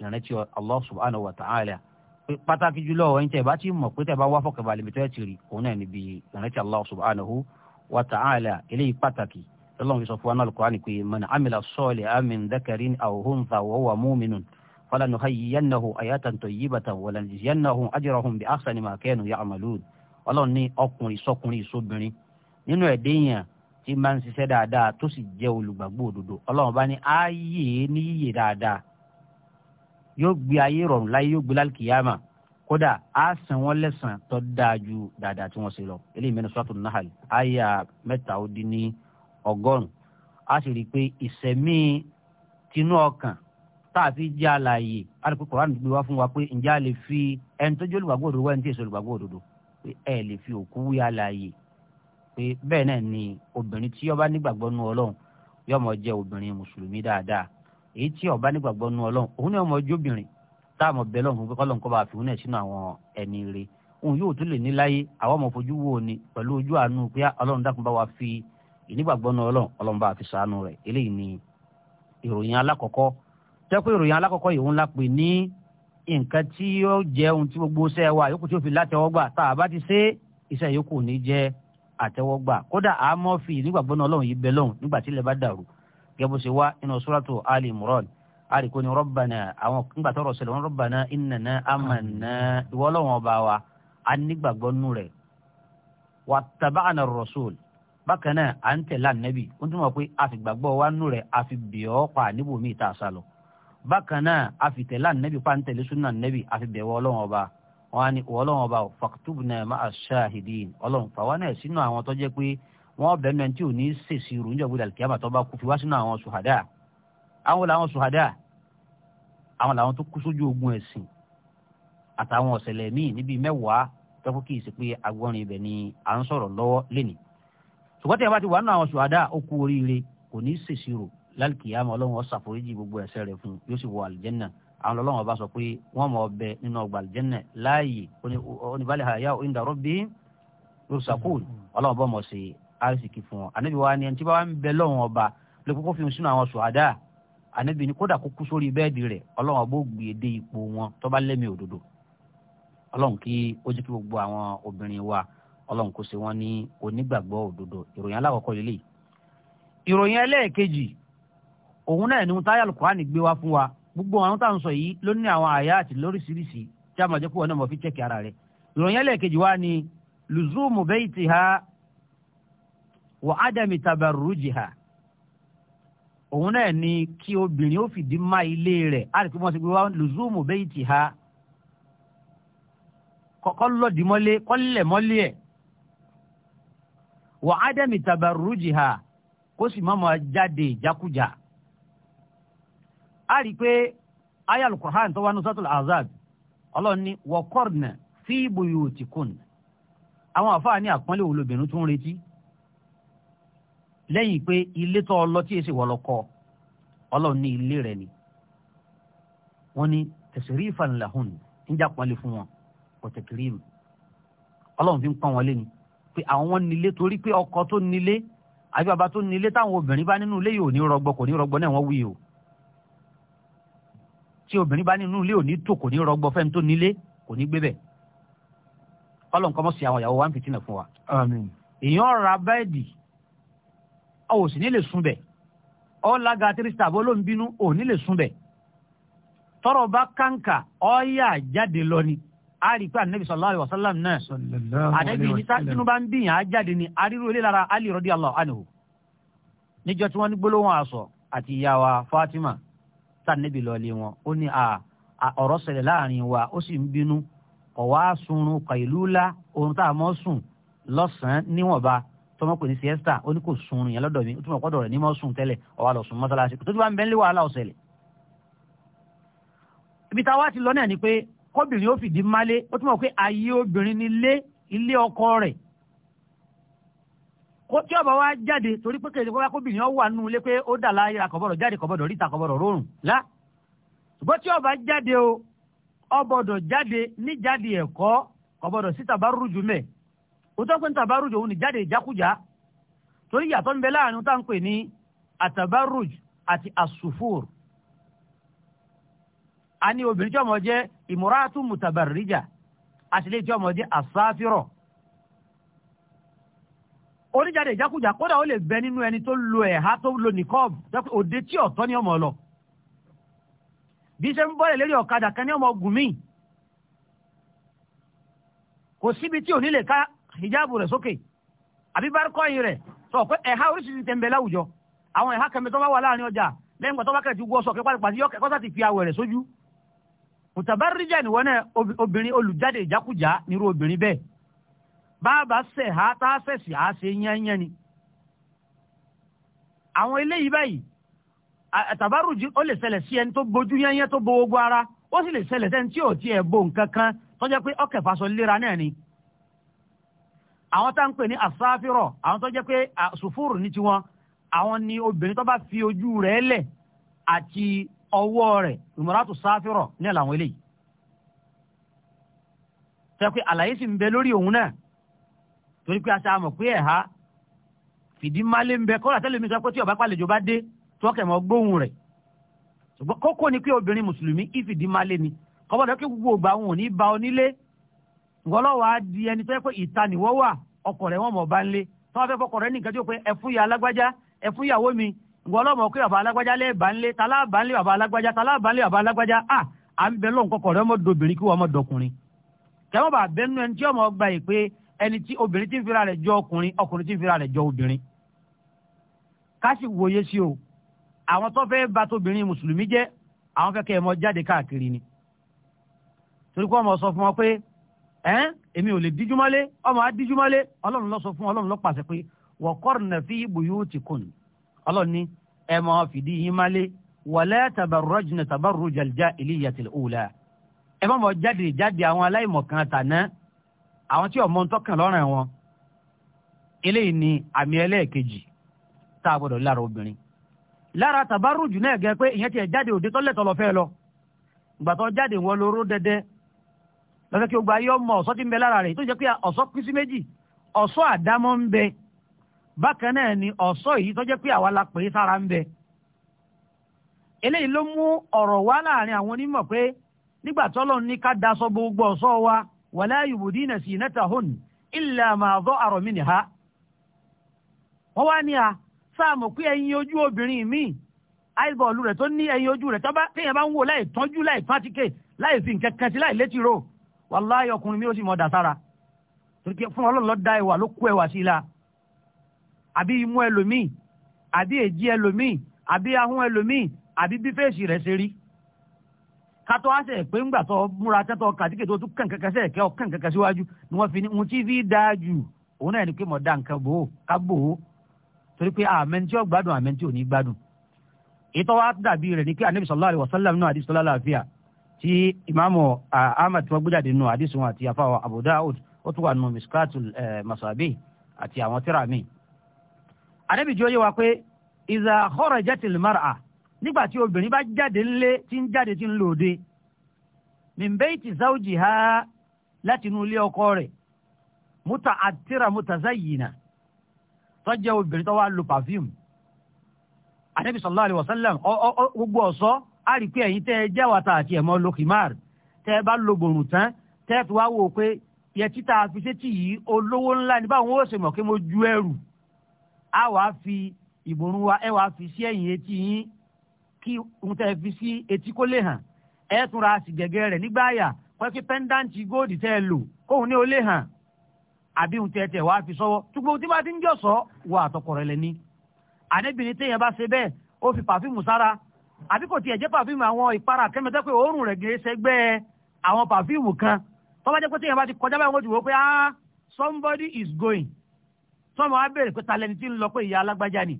ìrántí Allah subhanahu wa ta'ala pàtàkì jùlọ ẹ̀yin tẹ̀ bá ti mọ̀ pé tẹ̀ bá wá fọkàn balẹ̀ bí tẹ́ ti rí òun náà níbi ìrántí Allah subhanahu wa ta'ala eléyìí pàtàkì lọ́lọ́run fi sọ fún wa náà lùkọ́ ànìkú yìí man amila salihan min dhakarin aw untha wa huwa mu'minun falanuhayyiyannahu hayatan tayyibatan wa lanajziyannahum ajrahum bi ahsani ma kanu ya'malun ọlọ́run ní ọkùnrin sọkùnrin sóbìnrin nínú ẹ̀dẹ́yìn tí máa ń ṣiṣẹ́ dáadáa tó sì jẹ́ olùgbàgbọ́ òdodo ọlọ́run bá ní ayé ní dáadáa yóò gbé ayé rọrùn láyé yóò gbé lálùkìyàmà kódà á san wọ́n lẹ́san tó dáa ju dáadáa tí wọ́n ṣe lọ eléyìí mẹ́nu sọ́tún náhàlì àyà mẹ́ta ó dín ní ọgọ́rùn a sì rí i pé ìsẹ̀mí tinú ọkàn tá a fi jẹ́ àlàyé a lè pe Kùránì gbé wá fún wa pé ǹjẹ́ a lè fi ẹni tó jẹ́ olùgbàgbọ́ òdodo wẹ́ni tí èso olùgbàgbọ́ òdodo pé ẹ lè fi òkú wí àlàyé pé bẹ́ẹ̀ náà ni obìnrin tí ó bá nígbàgbọ́ nú Ọlọ́run yóò máa jẹ́ obìnrin mùsùlùmí dáadáa èyí tí ó nígbàgbọ́ nú Ọlọ́run òun ni ó máa jẹ́ obìnrin tá a mọ̀ bẹ́ẹ̀ lọ́hùn wa fi ìnígbàgbọ́ náà ọlọ́run ọlọ́run bá fi ṣàánú rẹ̀ eléyìí ni ìròyìn alákọ̀ọ́kọ́ jẹ́ pé ìròyìn alákọ̀ọ́kọ́ yìí ń lápè ní nǹkan tí ó jẹ́ ohun tí gbogbo iṣẹ́ wa yòókù tí ó fi látẹ́wọ́gbà tá a bá ti ṣe iṣẹ́ yòókù ní jẹ́ àtẹ́wọ́gbà kódà a mọ́ fi ìnígbàgbọ́ náà ọlọ́run yìí bẹ lọ́hùn nígbà tí ilẹ̀ bá dàrú gẹ́gbó ṣe wá inú suratu Ali Imran àríkò ni rọ́bànà àwọn nígbà tó rọ̀ ṣẹlẹ̀ wọn rọ́bànà innana amanna ìwọ ọlọ́run wa a nígbàgbọ́ nù rẹ̀ wàtàbáànà rasul bákan náà à ń tẹ̀lé ànábì ó túmọ̀ pé a fi gbàgbọ́ wa nù rẹ̀ a fi bẹ̀ ọ́ pa níbo mi ìta àṣà lọ bákan náà a fi tẹ̀lé ànábì pa ń tẹ̀lé súnà ànábì a fi bẹ̀ wọ́ ọlọ́run ọba wọn á ní ọlọ́run ọba faktubna ma'a shahidin ọlọ́run fàwa náà sínú àwọn tó jẹ́ pé wọ́n bẹ̀ mẹ́ tí ò ní sèṣì rò níjọ́ gbọdọ̀ kíyàmà tó bá kú fi wá sínú àwọn sùhàdà àwọn làwọn sùhàdà àwọn làwọn tó kú sójú ogun ẹ̀sìn àtàwọn ọ̀sẹ̀lẹ̀ míì níbi mẹ́wàá tọ́kù kì agbọ́nrin ibẹ̀ ni à ń sọ̀rọ̀ lọ́wọ́ lénìí ṣùgbọ́n tí ẹ bá ti wà nínú àwọn ṣùhádà ó kú oríire kò ní ṣèṣirò lálùkìyàmọ ọlọ́run ó ṣàforíjì gbogbo ẹ̀ṣẹ̀ rẹ̀ fún yóò sì wọ àlùjẹ́nà àwọn ọlọ́run ọba sọ pé wọ́n mọ̀ ọbẹ̀ nínú ọgbà àlùjẹ́nà láàyè oníbàlẹ̀ àyà òyìnbàrọ̀ bí rosakul ọlọ́run ọba mọ̀ sí arísìkì fún wọn ànábì wa ni ẹni tí bá wà ń bẹ lọ́run ọba lè kókó fi sínú àwọn ṣùhádà ànábì ni kódà kókó sórí bẹ́ẹ̀dì rẹ̀ ọlọ́run ọba ó gbé e dé ipò wọn tó bá lẹ́mìí òdodo ọlọ́run kí ó jẹ́ kí gbogbo àwọn obìnrin wa ọlọ́run kò ṣe wọ́n ní onígbàgbọ́ òdodo ìròyìn alákọ̀ọ́kọ́ lélẹ̀ ìròyìn ẹlẹ́ẹ̀kejì òun náà ni táyà alukurani gbé wá fún wa gbogbo àwọn tá à ń sọ yìí ló ní àwọn àyà àti lóríṣiríṣi tí a máa jẹ́ pọ̀ náà mọ̀ fi chẹ́kì ara rẹ̀ ìròyìn ẹlẹ́ẹ̀kejì wa ni luzumu baytiha wa adami tabarrujiha òun náà ni kí obìnrin ó fìdí má ilé rẹ̀ á rí i pé wọ́n ti gbé wá luzumu baytiha kọ́ lọ́dìmọ́lé kọ́ lẹ̀ mọ́lé ẹ̀ wà ádẹ́mì tabarrujiha kó sì má máa jáde ìjákújà. a rí i pé aya al-Qur'an tó wà ní sọ́tò azab ọlọ́run ní wa qarna fi buyutikunna àwọn àfáà ní àpọ́nlé wo tó ń retí lẹ́yìn pé ilé tó ọ lọ tí èsì wọ̀ lọ́kọ́ ọlọ́run ní ilé rẹ̀ ni wọ́n ní tasrifan lahun ń jà pọ́nlé fún wọn kò tẹ̀kìrì mi ọlọ́run fi ń pọ́n wọn ni pé àwọn nílé torí pé ọkọ tó nílé àbí bàbá tó nílé táwọn obìnrin bá nínú ilé yìí ò ní rọgbọ kò ní rọgbọ náà wọ́n wí o tí obìnrin bá nínú ilé ò ní tò kò ní rọgbọ fẹ́ni tó nílé kò ní gbé bẹ̀ ọlọ́run kọ́mọ́ sí àwọn ìyàwó wa ń fìtínà fún wa. èèyàn ra bẹ́ẹ̀dì ò sì ní lè sùn bẹ̀ ọ lága tírísítà bó ló ò ní lè sùn bẹ̀ tọrọ bá kàǹkà ọ yà jáde lọ ni a rí pé anabi sallallahu alayhi wa sallam náà àdẹ́bí ní sátínú bá ń bìyàn á jáde ní arírò ilé lára ali radiyallahu anhu níjọ tí wọ́n ní gbólóhùn aṣọ àti ìyá wa fatima sànẹ́bí lọ́ọ́lé wọn ó ní ọ̀rọ̀ ṣẹlẹ̀ láàrin wa ó sì ń bínú kọ̀ wá sunrun kàìlúlá ohun tá a mọ̀ sùn lọ́sàn-án níwọ̀nba tọmọ pè ní siesta ó ní kò sunrun yẹn lọ́dọ̀ mi ó túnbọ̀ pọ́dọ̀ rẹ̀ ní mọ̀ sùn tẹ́lẹ̀ ọ̀wá lọ sùn mọ́sálásí tó ti bá ń bẹ́ńlẹ̀ wàhálà ọ̀sẹ̀lẹ̀ ibi táwa ti lọ náà ni pé kóbìnrin ó fìdí málé ó túmọ̀ pé ayé obìnrin ni lé ilé ọkọ rẹ̀ tí ọba wa jáde torí pé kéde kọ́ba kóbìnrin ọ wà nù lé pé ó dà láyé àkọ́bọ̀dọ̀ jáde kọ́bọ̀dọ̀ ríta kọ́bọ̀dọ̀ rọrùn lá ṣùgbọ́n tí ọba jáde o ọbọ̀dọ̀ jáde ní jáde ẹ̀kọ́ kọ́bọ̀dọ̀ sí tàbárùjù mẹ́ o tó ń pè ní tàbárùjù òun ní jáde ìjákújá torí yàtọ̀ ń bẹ láàrin tá à ń pè ní àtàbárùjù àti àsùfúrù a ní obìnrin tí ọmọ jẹ́ ìmúratú mùtàbàrìjà àtìlẹ́ tí ọmọ jẹ́ àsáfírọ̀ oníjàde ìjákújà kódà ó lè bẹ nínú ẹni tó lo ẹ̀há tó lo nìkọ́ọ̀bù jẹ́ pé òde tí ọ̀tọ́ ni ọmọ lọ bí ṣe ń bọ́lẹ̀ lérí ọ̀kadà kan ní ọmọ ogun kò síbi tí òní lè ká hijabu rẹ̀ sókè àbí bárikọ́yìn rẹ̀ sọ pé ẹ̀há oríṣiríṣi tẹ̀ ń bẹ láwùjọ àwọn ẹ̀há kẹmẹ tó bá wà láàrin ọjà lẹ́yìn pàtó bá kẹ̀ ti wọ́ sọ kẹ́ pàtàkì yọ kẹ́kọ́ sàti fi awẹ̀ rẹ̀ sójú mùtàbárìjà ni wọ́n náà obìnrin olùjáde ìjákújá nírú obìnrin bẹ́ẹ̀ bàbá sẹ̀ ha tá a sẹ̀sì á ṣe yányán ni. àwọn eléyìí báyìí àtàbárùjì ó lè ṣẹlẹ̀ sí ẹni tó bójú yányán tó bo gbogbo ara ó sì lè ṣẹlẹ̀ sẹ́ni tí ò tiẹ̀ bo nǹkan kan tó jẹ́ pé ọkẹ̀fà sọ léra náà ni. àwọn tá ń pè ní àsáfírọ̀ àwọn tó jẹ́ pé sùfúrù ní tiwọn àwọn ni obìnrin tó bá fi ojú rẹ̀ lẹ̀ àti ọwọ́ rẹ̀ ìmọ̀ràtù sáfìrọ̀ ní àwọn eléyìí tẹ́ pé àlàyé sì ń bẹ lórí òun náà torí pé pé fìdí ń bẹ mi sọ pé tí ọba pàlejò bá dé tí wọ́n ni pé obìnrin mùsùlùmí ni gbogbo ògbà wọn ò ní ba onílé ngọ́lọ́wọ́ á di ẹni tó pé ìta rẹ̀ gbọ́lọ́mọ̀ pé bàbá alágbájá lé bàńlé tálá bàńlé bàbá alágbájá tálá bàńlé bàbá alágbájá à à ń bẹ lóǹkọ kọ̀ọ̀rẹ́ ọmọ dobìnrin kí wọ́n ọmọ dọkùnrin kẹ́wọ́n bá bẹ́nu ẹni tí ọmọ gba yìí pé ẹni tí obìnrin ti ń fira rẹ̀ jọ ọkùnrin ọkùnrin ti ń fira rẹ̀ jọ obìnrin ká sì wòye sí o àwọn tó fẹ́ bà tóbìnrin mùsùlùmí jẹ́ àwọn fẹ́ kẹ́ jáde káàkiri ni torí kó ọmọ sọ fún wọn pé ẹ́n èmi ò lè díjúmọ́lé ọmọ á díjúmọ́lé ọlọ́run ló sọ fún ọlọ́run ló pàṣẹ pé wọ́kọ́rùn-ún fi bùyú ti kùn ọlọ́run ní ẹ máa fìdí yín málé wala tabarrajna tabarrujal jahiliyatil ula ẹ má mọ̀ jáde jáde àwọn aláìmọ̀kan tàná àwọn tí ọmọ ntọ́kàn lọ́rùn wọn eléyìí ni àmì ẹlẹ́ẹ̀kejì tá a gbọ́dọ̀ lára obìnrin lára tabarruj náà gẹ pé ìyẹn tiẹ̀ jáde òde tọ́lẹ̀tọ́ lọ fẹ́ lọ gbàtọ́ jáde wọn lóró dẹ́dẹ́ lọ́sẹ̀ kí o gba ayé ọmọ ọ̀sọ́ ti ń bẹ lára rẹ̀ tó jẹ́ pé ọ̀sọ́ pín sí méjì ọ̀sọ́ àdámọ́ ń bẹ bákan náà ni ọ̀ṣọ́ yìí tó pé àwa la pè é sára ń bẹ eléyìí ló mú ọ̀rọ̀ wá láàrin àwọn onímọ̀ pé nígbà ní ká daṣọ gbogbo ọ̀ṣọ́ wa wala yubdina sinatahun ma zahara minha wọ́n wá ní a sáàmù pé ẹyin ojú obìnrin míì áìbọ̀ọ̀lù rẹ̀ tó ní ẹyin ojú rẹ̀ téèyàn bá ń wò láì tọ́jú láì fátíkè láì fi nǹkan kan sí láì létí ro ọkùnrin mi ó sì mọ̀ dà àbí imú ẹlòmíì àbí èjì ẹlòmíì àbí ahọ́n ẹlòmíì àbí bí fèsì rẹ̀ ṣe rí kátó àṣẹ pé ńgbà tó múra tẹ́tọ́ kàtíkè tó tún kàn kankan sẹ́ẹ̀ kẹ́ ọ kàn kankan síwájú ni wọ́n fi ní mo ti fi dáa jù òun náà ni pé mo dá nǹkan bò ó ká bò ó torí pé àmẹ́ni tí ó gbádùn àmẹ́ni tí ò ní gbádùn ìtọ́ wa dàbí rẹ̀ ní pé anabi sallallahu alayhi wa sallam náà àdìsí sallallahu tí ìmáàmù eh, abu daud ó tún wà nù eh, masabi àti àwọn ànábì jọ yé wa pé ìzà kharajatil mar'a nígbà tí obìnrin bá jáde ńlé tí ń jáde tí ń lòde min bayti zawjiha láti inú ilé ọkọ rẹ̀ muta'attira mutazayyina tó jẹ́ obìnrin tó wá lo perfume ànábì sallallahu alaihi wasallam gbogbo ọ̀sọ́ a rí pé ẹ̀yin tẹ́ ẹ jẹ́ wàtà àti ẹ̀mọ́ lokimar tẹ́ ẹ bá lo gbòòrùn tán tẹ́ ẹ fi wá wò pé yẹtí tá a yìí olówó ńlá a wàá fi ìbòrùn wa ẹ wàá fi sí ẹ̀yìn etí yín kí ohun tẹ́ fi sí etí kó lè hàn ẹ tún ra sì gẹ́gẹ́ rẹ̀ nígbà àyà pẹ́kí pẹ́ńdáǹtì góòdì tẹ́ lò kóhun ní ó lè hàn àbí ohun tẹ́ ẹ wàá fi sọ́wọ́ ṣùgbọ́n tí bá ti ń jọ wọ àtọkọ rẹ̀ lẹ́ni. téèyàn bá ṣe bẹ́ẹ̀ ó fi pàfíìmù sára àbí kò tiẹ̀ jẹ́ pàfíìmù àwọn ìpara kẹ́mẹ́tẹ́ pé òórùn rẹ̀ gèé sẹ́gbẹ́ àwọn pàfíìmù kan tọ́wọ́ jẹ́ pé téèyàn bá ti kọjá báyìí wọ́n ti wò ó pé ah somebody is going sọmọ wa béèrè pé talẹ́ni tí ń lọ pé ìyá alágbájá ni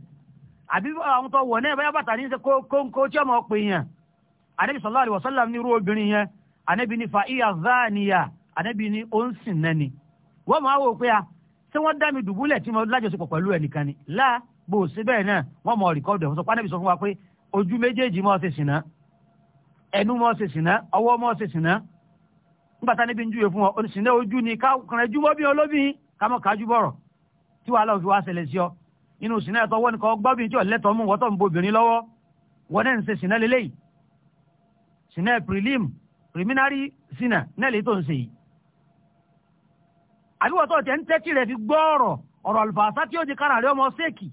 àbí àwọn tó wọ̀ náà báyà bàtà ní ṣe kóńkó tí ọmọ pè yàn anabi sallallahu alaihi wasallam ní irú obìnrin yẹn anabi ní fa iya zaniya anabi ní ó ń sìn náà ni wọ́n máa wò pé a ṣé wọ́n dá mi dùbúlẹ̀ tí mo lájọṣepọ̀ pẹ̀lú ẹnìkan ni láà bó o ṣe bẹ́ẹ̀ náà wọ́n mọ̀ rìkọ́dù ẹ̀fọ́ sọ pé anabi sọ fún wa pé ojú méjèèjì mọ́ tí wàhálà òfin wá ṣẹlẹ̀ sí ọ inú sinna ẹ̀tọ́ wọ́n nìkan gbọ́bìn tí ọ̀lẹ́tọ̀ mú wọ́tọ̀ ń bobìnrin lọ́wọ́ wọ́n náà ń ṣe sinna lélẹ́yìí sinna prelim preliminary sinna náà lè tó ń ṣe yìí. àbíwọ̀tọ̀ tẹ̀ ń tẹ́tí rẹ̀ fi gbọ́ ọ̀rọ̀ ọ̀rọ̀ àlùfàṣà tí ó di kára rẹ̀ ọmọ séèkì.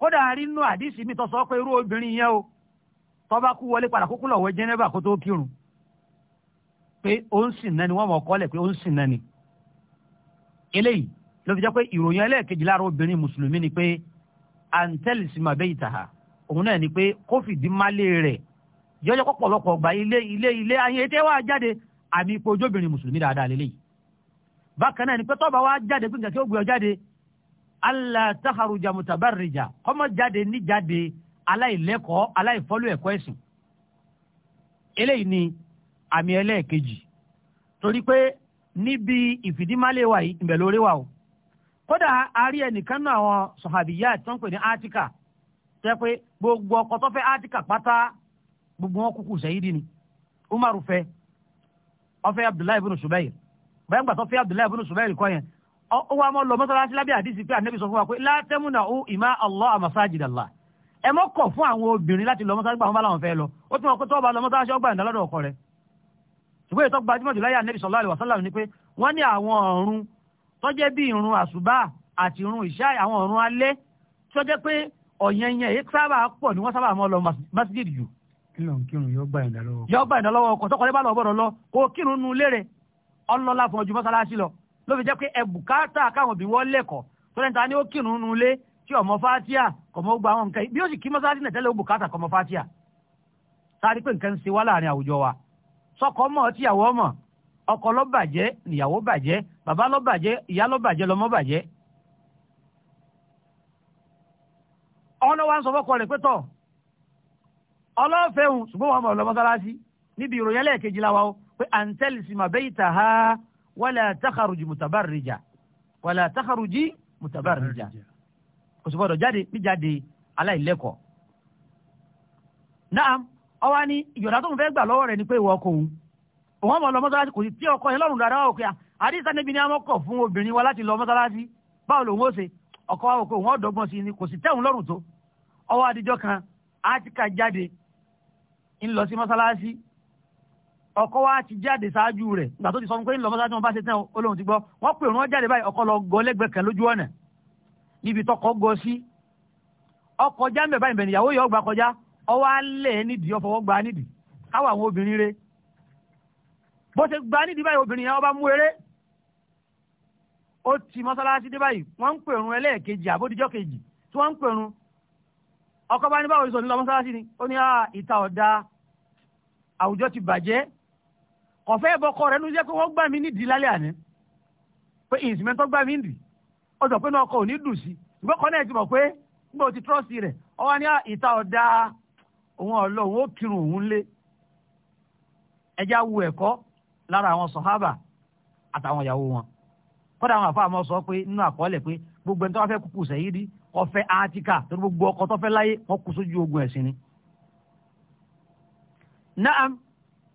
kódà rí inú àdìsí mi tọ́ sọ pé irú obìnrin yẹn o tọ́ kú wọlé padà kúkú lọ́wọ́ jẹ́nẹ́bà kó tó kírun pé ó ń sìn náà ni wọ́n mọ̀ kọ́lẹ̀ pé ó ń sìn náà ni eléyìí ló fi jẹ́ pé ìròyìn ẹlẹ́ẹ̀kejì lára obìnrin mùsùlùmí ni pé àǹtẹ̀lìsímà bẹ́ẹ̀ ìtàhà òun náà ni pé kó fìdí málé rẹ̀ jẹ́jọ́ pọ̀pọ̀lọpọ̀ gba ilé ilé ilé ayé tẹ́ wá jáde àmì ipò ojóbìnrin mùsùlùmí dáadáa lélẹ́yìí bákan náà ni pé tọ́ba wá jáde pé nǹkan kí ó gbé ọ jáde allah taharuja kọ́mọ jáde ní jáde aláìlẹ́kọ̀ọ́ aláìfọ́lú ẹ̀kọ́ ẹ̀sìn eléyìí ni àmì ẹlẹ́ẹ̀kejì torí pé níbi ìfìdímálẹ̀ wa yìí ìbẹ̀ lórí wa o kódà a rí ẹnìkan náà àwọn sọ̀hàbíyá tó ń pè ní átíkà tẹ́ pé gbogbo ọkọ tó fẹ́ átíkà pátá gbogbo wọn kúkú sẹ́yìdì ni umaru fẹ́ ó fẹ́ abdullahi ibn subayr bẹ́ẹ̀ gbà tó fẹ́ abdullahi ibn subayr kọ́ yẹn ó wá mọ́ lọ mọ́sálásí lábẹ́ àdìsí pé ànábì sọ fún wa pé látẹ́múnà ó ìmá allah àmàsájìdàlá ẹ mọ́ kọ̀ fún àwọn obìnrin láti lọ mọ́sálásí gbà wọn bá làwọn fẹ́ lọ ó tún wọn pé tó ṣùgbọ́n ètò gbajúmọ̀ jù láyé ànẹ́bí sallallahu alaihi ni pé wọ́n ní àwọn ọ̀run tó jẹ́ bí ìrun àṣùbà àti ìrun ìṣá àwọn ọ̀run alẹ́ tó jẹ́ pé ọ̀yẹ̀yẹ̀ yìí sábà pọ̀ ni wọ́n sábà mọ́ lọ masjid jù. kírun kírun yóò gbà ìdá lọ́wọ́. yóò gbà ìdá lọ́wọ́ ọkọ̀ tọkọlẹ́ bá lọ bọ̀rọ̀ lọ kó kírun nu lére ọlọ́lá fún ọjọ́ mọ́sálásí lọ ló fi jẹ́ pé ẹ bùkátà káwọn òbí wọ́n lẹ́kọ̀ọ́ tó lẹ́ta ni ó kírun nu lé tí ọmọ fatia kọmọ gba àwọn nǹkan bí ó sì kí mọ́sálásí nẹ̀tẹ́lẹ̀ ó bùkátà kọmọ fatia sáré pé nǹkan ń ṣe wá láàrin àwùjọ wa sọkọ mọ̀ tíyàwó mọ̀ ọkọ ló bàjẹ́ níyàwó bàjẹ́ bàbá ló bàjẹ́ ìyá ló bàjẹ́ lọ́mọ bàjẹ́. ọ̀hún náà wá ń sọ fọ́kọ rẹ̀ pé tọ̀ ọlọ́fẹ̀hùn ṣùgbọ́n wọn mọ̀ lọ mọ́sálásí níbi ìròyìn ẹlẹ́ẹ̀kejì la wa o pé àǹtẹ̀lì sì mà bẹ́yìí tà á wala takharuji mùtàbárìjà wala takharuji mùtàbárìjà kò sì gbọ́dọ̀ jáde níjáde aláìlẹ́kọ̀ọ́. naam ọwọ́ ni ìyọ̀dá tó ń fẹ́ gbà lọ́wọ́ rẹ̀ ni pé ìwọ ọkọ òun òun mọ̀ lọ mọ́sálásí kò sí tí ọkọ yẹn lọ́rùn dáadáa òkè àdìsá níbi ni àwọn kọ̀ fún obìnrin wa láti lọ mọ́sálásí báwo lòun ó ṣe ọkọ wa òkè òun ọ̀dọ́gbọ́n sí ni kò sí tẹ̀hún lọ́rùn tó ọwọ́ adijọ́ kan átíkà jáde ń lọ sí mọ́sálásí ọkọ wa ti jáde ṣáájú rẹ̀ nígbà tó ti sọ fún pé ń lọ mọ́sálásí wọn bá ṣe tán olóhùn ti gbọ́ wọ́n pè wọ́n jáde báyìí ọkọ lọ gọ lẹ́gbẹ̀ẹ́ kan lójú ọ̀nà níbi tọkọ gọ sí ọkọ jámbẹ̀ báyìí bẹ̀rẹ̀ ìyàwó yọ ọgbà kọjá ọwọ́ alẹ́ e nídìí ọfọwọ́ gba nídìí káwọ àwọn obìnrin rẹ bó ṣe gba nídìí báyìí obìnrin yẹn ọba mú eré ó ti mọ́sálásí dé báyìí wọ́n ń pèrún ẹlẹ́ẹ̀kejì àbódìjọ́ kejì tí wọ́n ń pèrún ọkọ bá ní báwo sọ ní lọ mọ́sálásí ni ó ní ìta ọ̀dà àwùjọ ti bàjẹ́ kọ̀fẹ́ bọkọ rẹ̀ nu jẹ́ pé wọ́n gbà mí nídìí lálẹ́ àná pé ìsìmẹ́ntọ́ gbà mí nídìí ọjọ́ pé náà ò ní dùn sí ìgbọ́kọ̀ náà ti mọ̀ pé nígbà ti trọ́ọ̀sì rẹ̀ ọwọ́ ní ìta ọ̀dà òun ọlọ́run ó kírun òun lé ẹjá wu ẹ̀kọ́ lára àwọn sọ̀hábà àtàwọn ìyàwó wọn kọ́dà àwọn àfáà mọ́ sọ pé nínú àkọọ́lẹ̀ pé gbogbo ẹni tó wá fẹ́ kúkú sẹ́yìn rí ọ̀fẹ́ átíkà gbogbo ọkọ tó fẹ́ láyé wọ́n ogun ẹ̀sìn ni. naam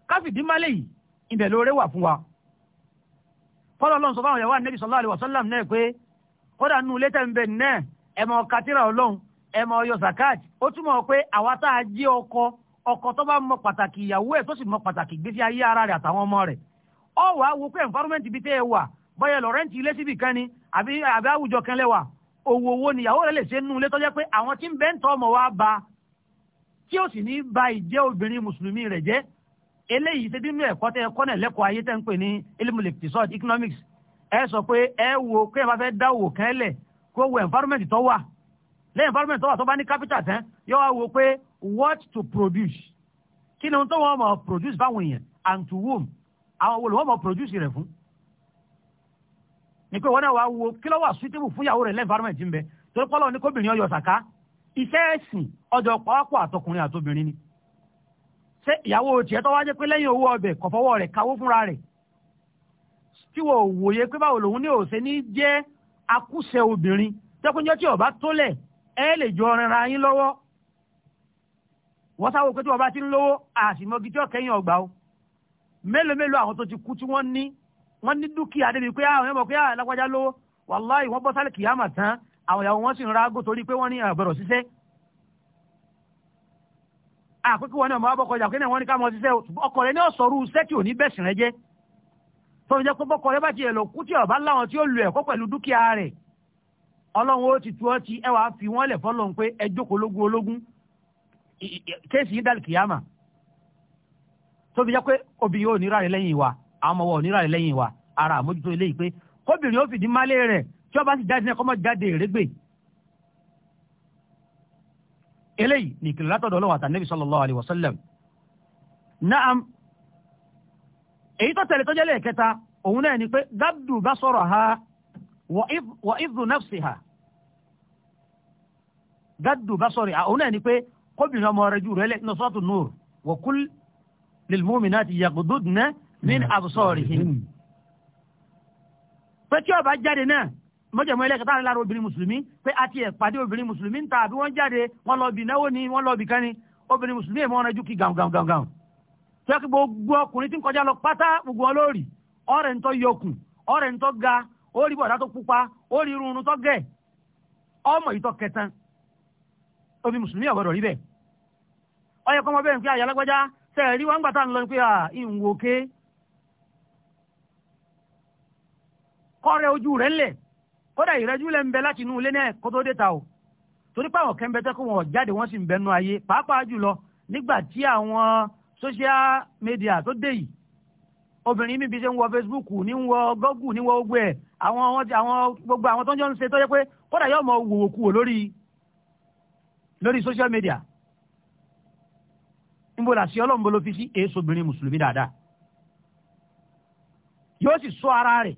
káfíńdì ibẹ̀ lóore wà fún wa kọ́dà ọlọ́run sọ fáwọn ìyàwó náà pé kọ́dà ẹ mọ ọyọ zakat ó túmọ̀ pé àwa tá a jẹ́ ọkọ ọkọ tó bá mọ pàtàkì ìyàwó ẹ̀ tó sì mọ pàtàkì ìgbésí ayé ara rẹ̀ àtàwọn ọmọ rẹ̀ ọ wà á wo pé environment ibi tẹ́ ẹ wà bóyá lọ́rẹ́ǹtì ilé síbì kan ni àbí àbí àwùjọ kan lẹ́wà òwò owó ni ìyàwó rẹ̀ lè ṣe nínú ilé tó jẹ́ pé àwọn tí ń bẹ́ ń tọ́ ọmọ wa ba tí ó sì ní ba ìjẹ́ obìnrin mùsùlùmí rẹ̀ jẹ́ eléyìí ṣe nínú ẹ̀kọ́ tẹ́ ẹ̀kọ́ náà lẹ́kọ̀ọ́ ayé tẹ́ ń pè ní elimu lectisod economics ẹ sọ pé ẹ wo pé ẹ bá fẹ́ dá òwò kan lẹ̀ kó wo environment tó wà lẹ́yìn environment tó wà tó bá ní capital tán yóò wá wo pé what to produce kí ni ohun tó wọ́n mọ̀ produce báwọn èèyàn and to whom àwọn wo ló wọ́n mọ̀ produce rẹ̀ fún. ni pé wọ́n náà wá wo kí ló wà suitable fún ìyàwó rẹ̀ lẹ́yìn environment ń bẹ torí pọ́lọ́ ní kóbìnrin ọyọ ṣàká iṣẹ́ ẹ̀sìn ọjọ́ pàápọ̀ àtọkùnrin àtobìnrin ni. ṣé ìyàwó tiẹ̀ tó wájẹ́ pé lẹ́yìn owó ọbẹ̀ kọ̀fọ́wọ́ rẹ̀ kawó fúnra rẹ̀ tí wọ́n wòye pé báwo lòun ní òṣè ní jẹ́ akúṣe obìnrin tẹ́kùnjọ́ tí ọba tólẹ̀ ẹ lè jọ ọ̀rẹ́ra yín lọ́wọ́ wọ́n sáwọ́ pé tí wọ́n bá ti ń lówó àṣìmọ́gi tí ọ̀kẹ́yìn ọ̀gbà o mélòó mélòó àwọn tó ti kú tí wọ́n ní wọ́n ní dúkìá débi pé ah, àwọn ẹ̀mọ́ pé alágbájá ah, lówó wàláì wọ́n bọ́ sálẹ̀ kìyàmà tán àwọn ìyàwó wọn sì ń ra ágò torí pé wọ́n ní àbọ̀rọ̀ ṣiṣẹ́ àpékí wọn náà máa bọ́kọ ìjà pé náà wọ́n ní ká ṣiṣẹ́ ọkọ rẹ ní ọ̀sọ̀rú iṣẹ́ tí ò ní bẹ̀sìn rẹ jẹ́ tó ń jẹ́ pé bọ́kọ rẹ bá ti ẹ̀ lọ kú tí ọ̀bá láwọn tí ó lu ẹ̀kọ́ pẹ̀lú dúkìá rẹ̀ ọlọ́run ó ti tu ọ́ ẹ fi wọ́n lẹ̀ fọlọ́run pé ẹ jókòó lógún ológún kéèsì yìí dàlù kìyàmà tó fi jẹ́ pé obìnrin ò wa àwọn ọmọ wa ara àmójútó eléyìí pé kóbìnrin ó fìdí málé rẹ̀ tí ọba sì jáde kọ́mọ́ jáde rẹ́gbẹ̀. eléyìí ní ìkìlọ̀ látọ̀dọ̀ ọlọ́wọ́ naam èyí tó tẹ̀lé tó jẹ́ lẹ́ẹ̀kẹta òun náà ni pé ha wọ́n ìdùn nọ́ọ̀sì hà gádùn bá sọ̀rọ̀ àwọn náà ni pé kóbìnrin ọmọ rẹ jù rẹ lẹ́yìn náà sọ́tún nùr wọ́n kú lilmuminati yagududna min absorihin pé tí ó bá jáde náà mọ́jọ̀mọ́ ilé kẹta lára obìnrin mùsùlùmí pé àti ẹ̀pàdé obìnrin mùsùlùmí ń ta àbí wọ́n jáde wọ́n lọ bí náwó ni wọ́n lọ bí kan obìnrin mùsùlùmí èèmọ́ ọ̀rẹ́jú kí gàùngàùngàùn tó yẹ kí gbogbo ọkùnrin tí ń kọjá lọ pátá gbogbo wọn ọ̀rẹ́ ń tọ́ yọkùn ọ̀rẹ́ ń tọ́ ga ó rí bọ̀dá tó pupa ó rí irun tó gẹ̀ ọmọ yìí tó kẹtàn omi mùsùlùmí ọ̀gbọ́dọ̀ rí bẹ́ẹ̀ ọyẹ kọ́mọ bẹ́ẹ̀ ń pé àyà lágbájá tẹ̀ rí wọn gbàtà ń lọ pé ìwò ké kọ́rẹ́ ojú rẹ̀ ńlẹ̀ kódà ìrẹ́jú lẹ́ ń bẹ láti inú ilé náà kó tó dé ta o torí pé àwọn kẹ́ńbẹ́ tẹ́kọ̀ wọn jáde wọ́n sì ń bẹnu ayé pàápàá jùlọ nígbà tí àwọn social media tó dé yìí obìnrin mi bí ṣe ń wọ facebook ní ń wọ google ní wọ gbogbo ẹ àwọn àwọn gbogbo àwọn tó ń jọ ń ṣe tó yẹ pé kódà yóò mọ wòwò kú lórí lórí social media níbo làṣẹ ọlọ́run bó ló fi sí èso obìnrin mùsùlùmí dáadáa yóò sì sọ ara rẹ̀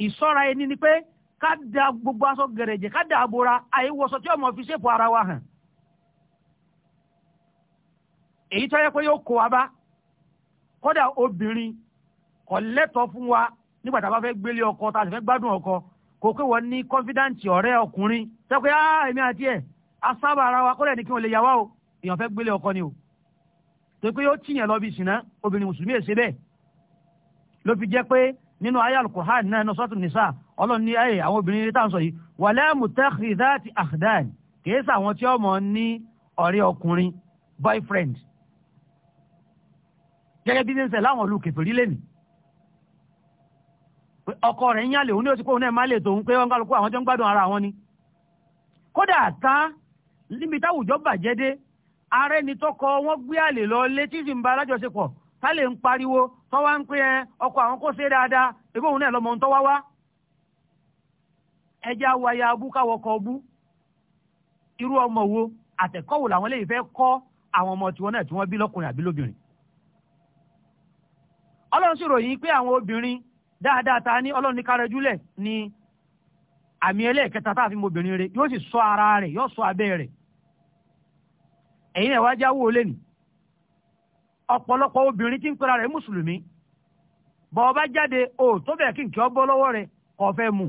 ìsọ́ra ẹni ni pé ká da gbogbo aṣọ gẹ̀rẹ̀jẹ̀ ká da àbora àìwọ̀sọ tí ọmọ fi ṣèpò ara wa hàn èyí tó yẹ pé yóò kó wa bá kódà obìnrin kò lẹ́tọ̀ọ́ fún wa nígbà tá a bá fẹ́ gbélé ọkọ tá a sì fẹ́ gbádùn ọkọ kò pé wọ́n ní kọ́fídáǹtì ọ̀rẹ́ ọkùnrin sẹ́kọ̀ yá ah, èmi àti ẹ̀ asábà ara wa kódà ní kí wọ́n lè yàwá o èèyàn fẹ́ gbélé ọkọ ni o tó pé yóò tìyàn lọ bí ṣìnà obìnrin mùsùlùmí èsè bẹ́ẹ̀ ló fi jẹ́ pé nínú ayé alukur'an náà nọ́sọ́tù nìsà ọlọ́run ní ayé àwọn obìnrin tá à ń sọ yìí wàlẹ́ mùtẹ́kì dáàtì àkàdáàn kìí sàwọn tí ọmọ ní ọ̀rẹ́ ọkùnrin boyfriend gẹ́gẹ́ bí ṣe ń sẹ̀ láwọn olú kẹfìrí lẹ́nu ọkọ rẹ̀ ń yálè òun ní oṣù kóun náà má lè tòun pé wọ́n kálukú àwọn tó ń gbádùn ara wọn ni kódà tá níbi táwùjọ bàjẹ́ dé ààrẹ ni tọkọ wọn gbé àlè lọ létí sì ń ba alájọṣepọ̀ tá lè ń pariwo tọ́wá ń pín ẹ ọkọ àwọn kó ṣe dáadáa ebí òun náà lọmọ ń tọ́wá wá ẹja wáyà abú káwọkọ ọbú irú ọmọ wo àtẹ̀kọ́wò làwọn lè fẹ́ kọ́ àwọn ọmọ tiwọn náà tí wọ́n bí lọ́kùnrin àbí lóbìnrin ọlọ́run sì ròyìn pé àwọn obìnrin dáadáa ta ní ọlọ́run ní kárẹ́júlẹ̀ ni àmì ẹlẹ́ẹ̀kẹta tá a fi mọ obìnrin rẹ yóò sì sọ ara rẹ yóò sọ abẹ́ rẹ ẹ̀yin ẹ̀wá já wò lẹ́nu ọ̀pọ̀lọpọ̀ obìnrin tí ń pera o tó bẹ̀ kí n kí ọ bọ́ rẹ̀ mu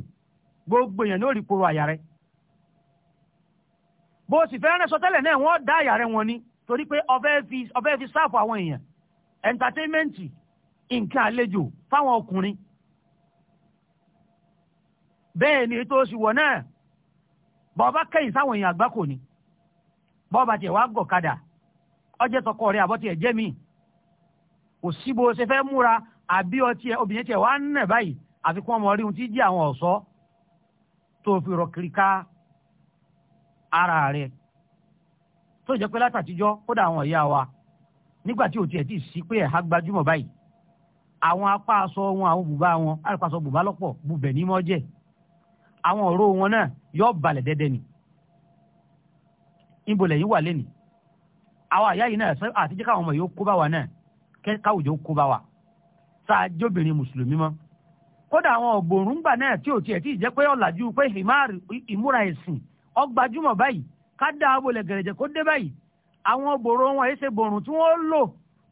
gbogbo èèyàn ní òrìkoro àyà bó o sì fẹ́ rẹ́ náà wọ́n dá àyà nǹkan àlejò fáwọn ọkùnrin bẹ́ẹ̀ ni ètò oṣù wọ̀ náà bọ́ọ̀bá kẹ́yìn sáwọn èèyàn àgbákò ni bọ́ọ̀bá tiẹ̀ wá gọ̀kadà ọjẹ́ tọkọ rẹ̀ àbọ̀tì ẹ̀ jẹ́ mi kò sí bó ṣe fẹ́ múra àbí ọtí ẹ obìnrin tiẹ̀ wá nà báyìí àfikún ọmọ rí ohun tí jẹ́ àwọn ọ̀ṣọ́ tó fi rọ̀ kiri ká ara rẹ̀ tó jẹ́ pé látàtijọ́ kódà àwọn ìyá wa nígbà tí ò tiẹ̀ ti sí pé ẹ̀ há gbajúmọ̀ báyìí àwọn apá aṣọ wọn àwọn bùbá wọn àrùpàṣọ bùbá lọ́pọ̀ bùbẹ̀ ní mọ́ jẹ́ àwọn ọ̀rọ̀ wọn náà yọ balẹ̀ dẹ́dẹ́ ni ìbòlẹ̀ yìí wà lẹ́ni àwọn àyà yìí náà àti jẹ́ káwọn ọmọ yìí ó kó bá wa náà káwùjọ ó kó bá wa sáájóbìnrin mùsùlùmí mọ́ kódà àwọn ògbòrúngbà náà tí ò tiẹ̀ tí ì jẹ́ pé ọ̀làjú pé ìmúra ẹ̀sìn ọgbàjúmọ̀ báyìí ká dá abòlẹ̀ gẹ̀rẹ̀jẹ̀ kó dé báyìí àwọn ògbòrò wọn èsè bòrùn tí wọ́n lò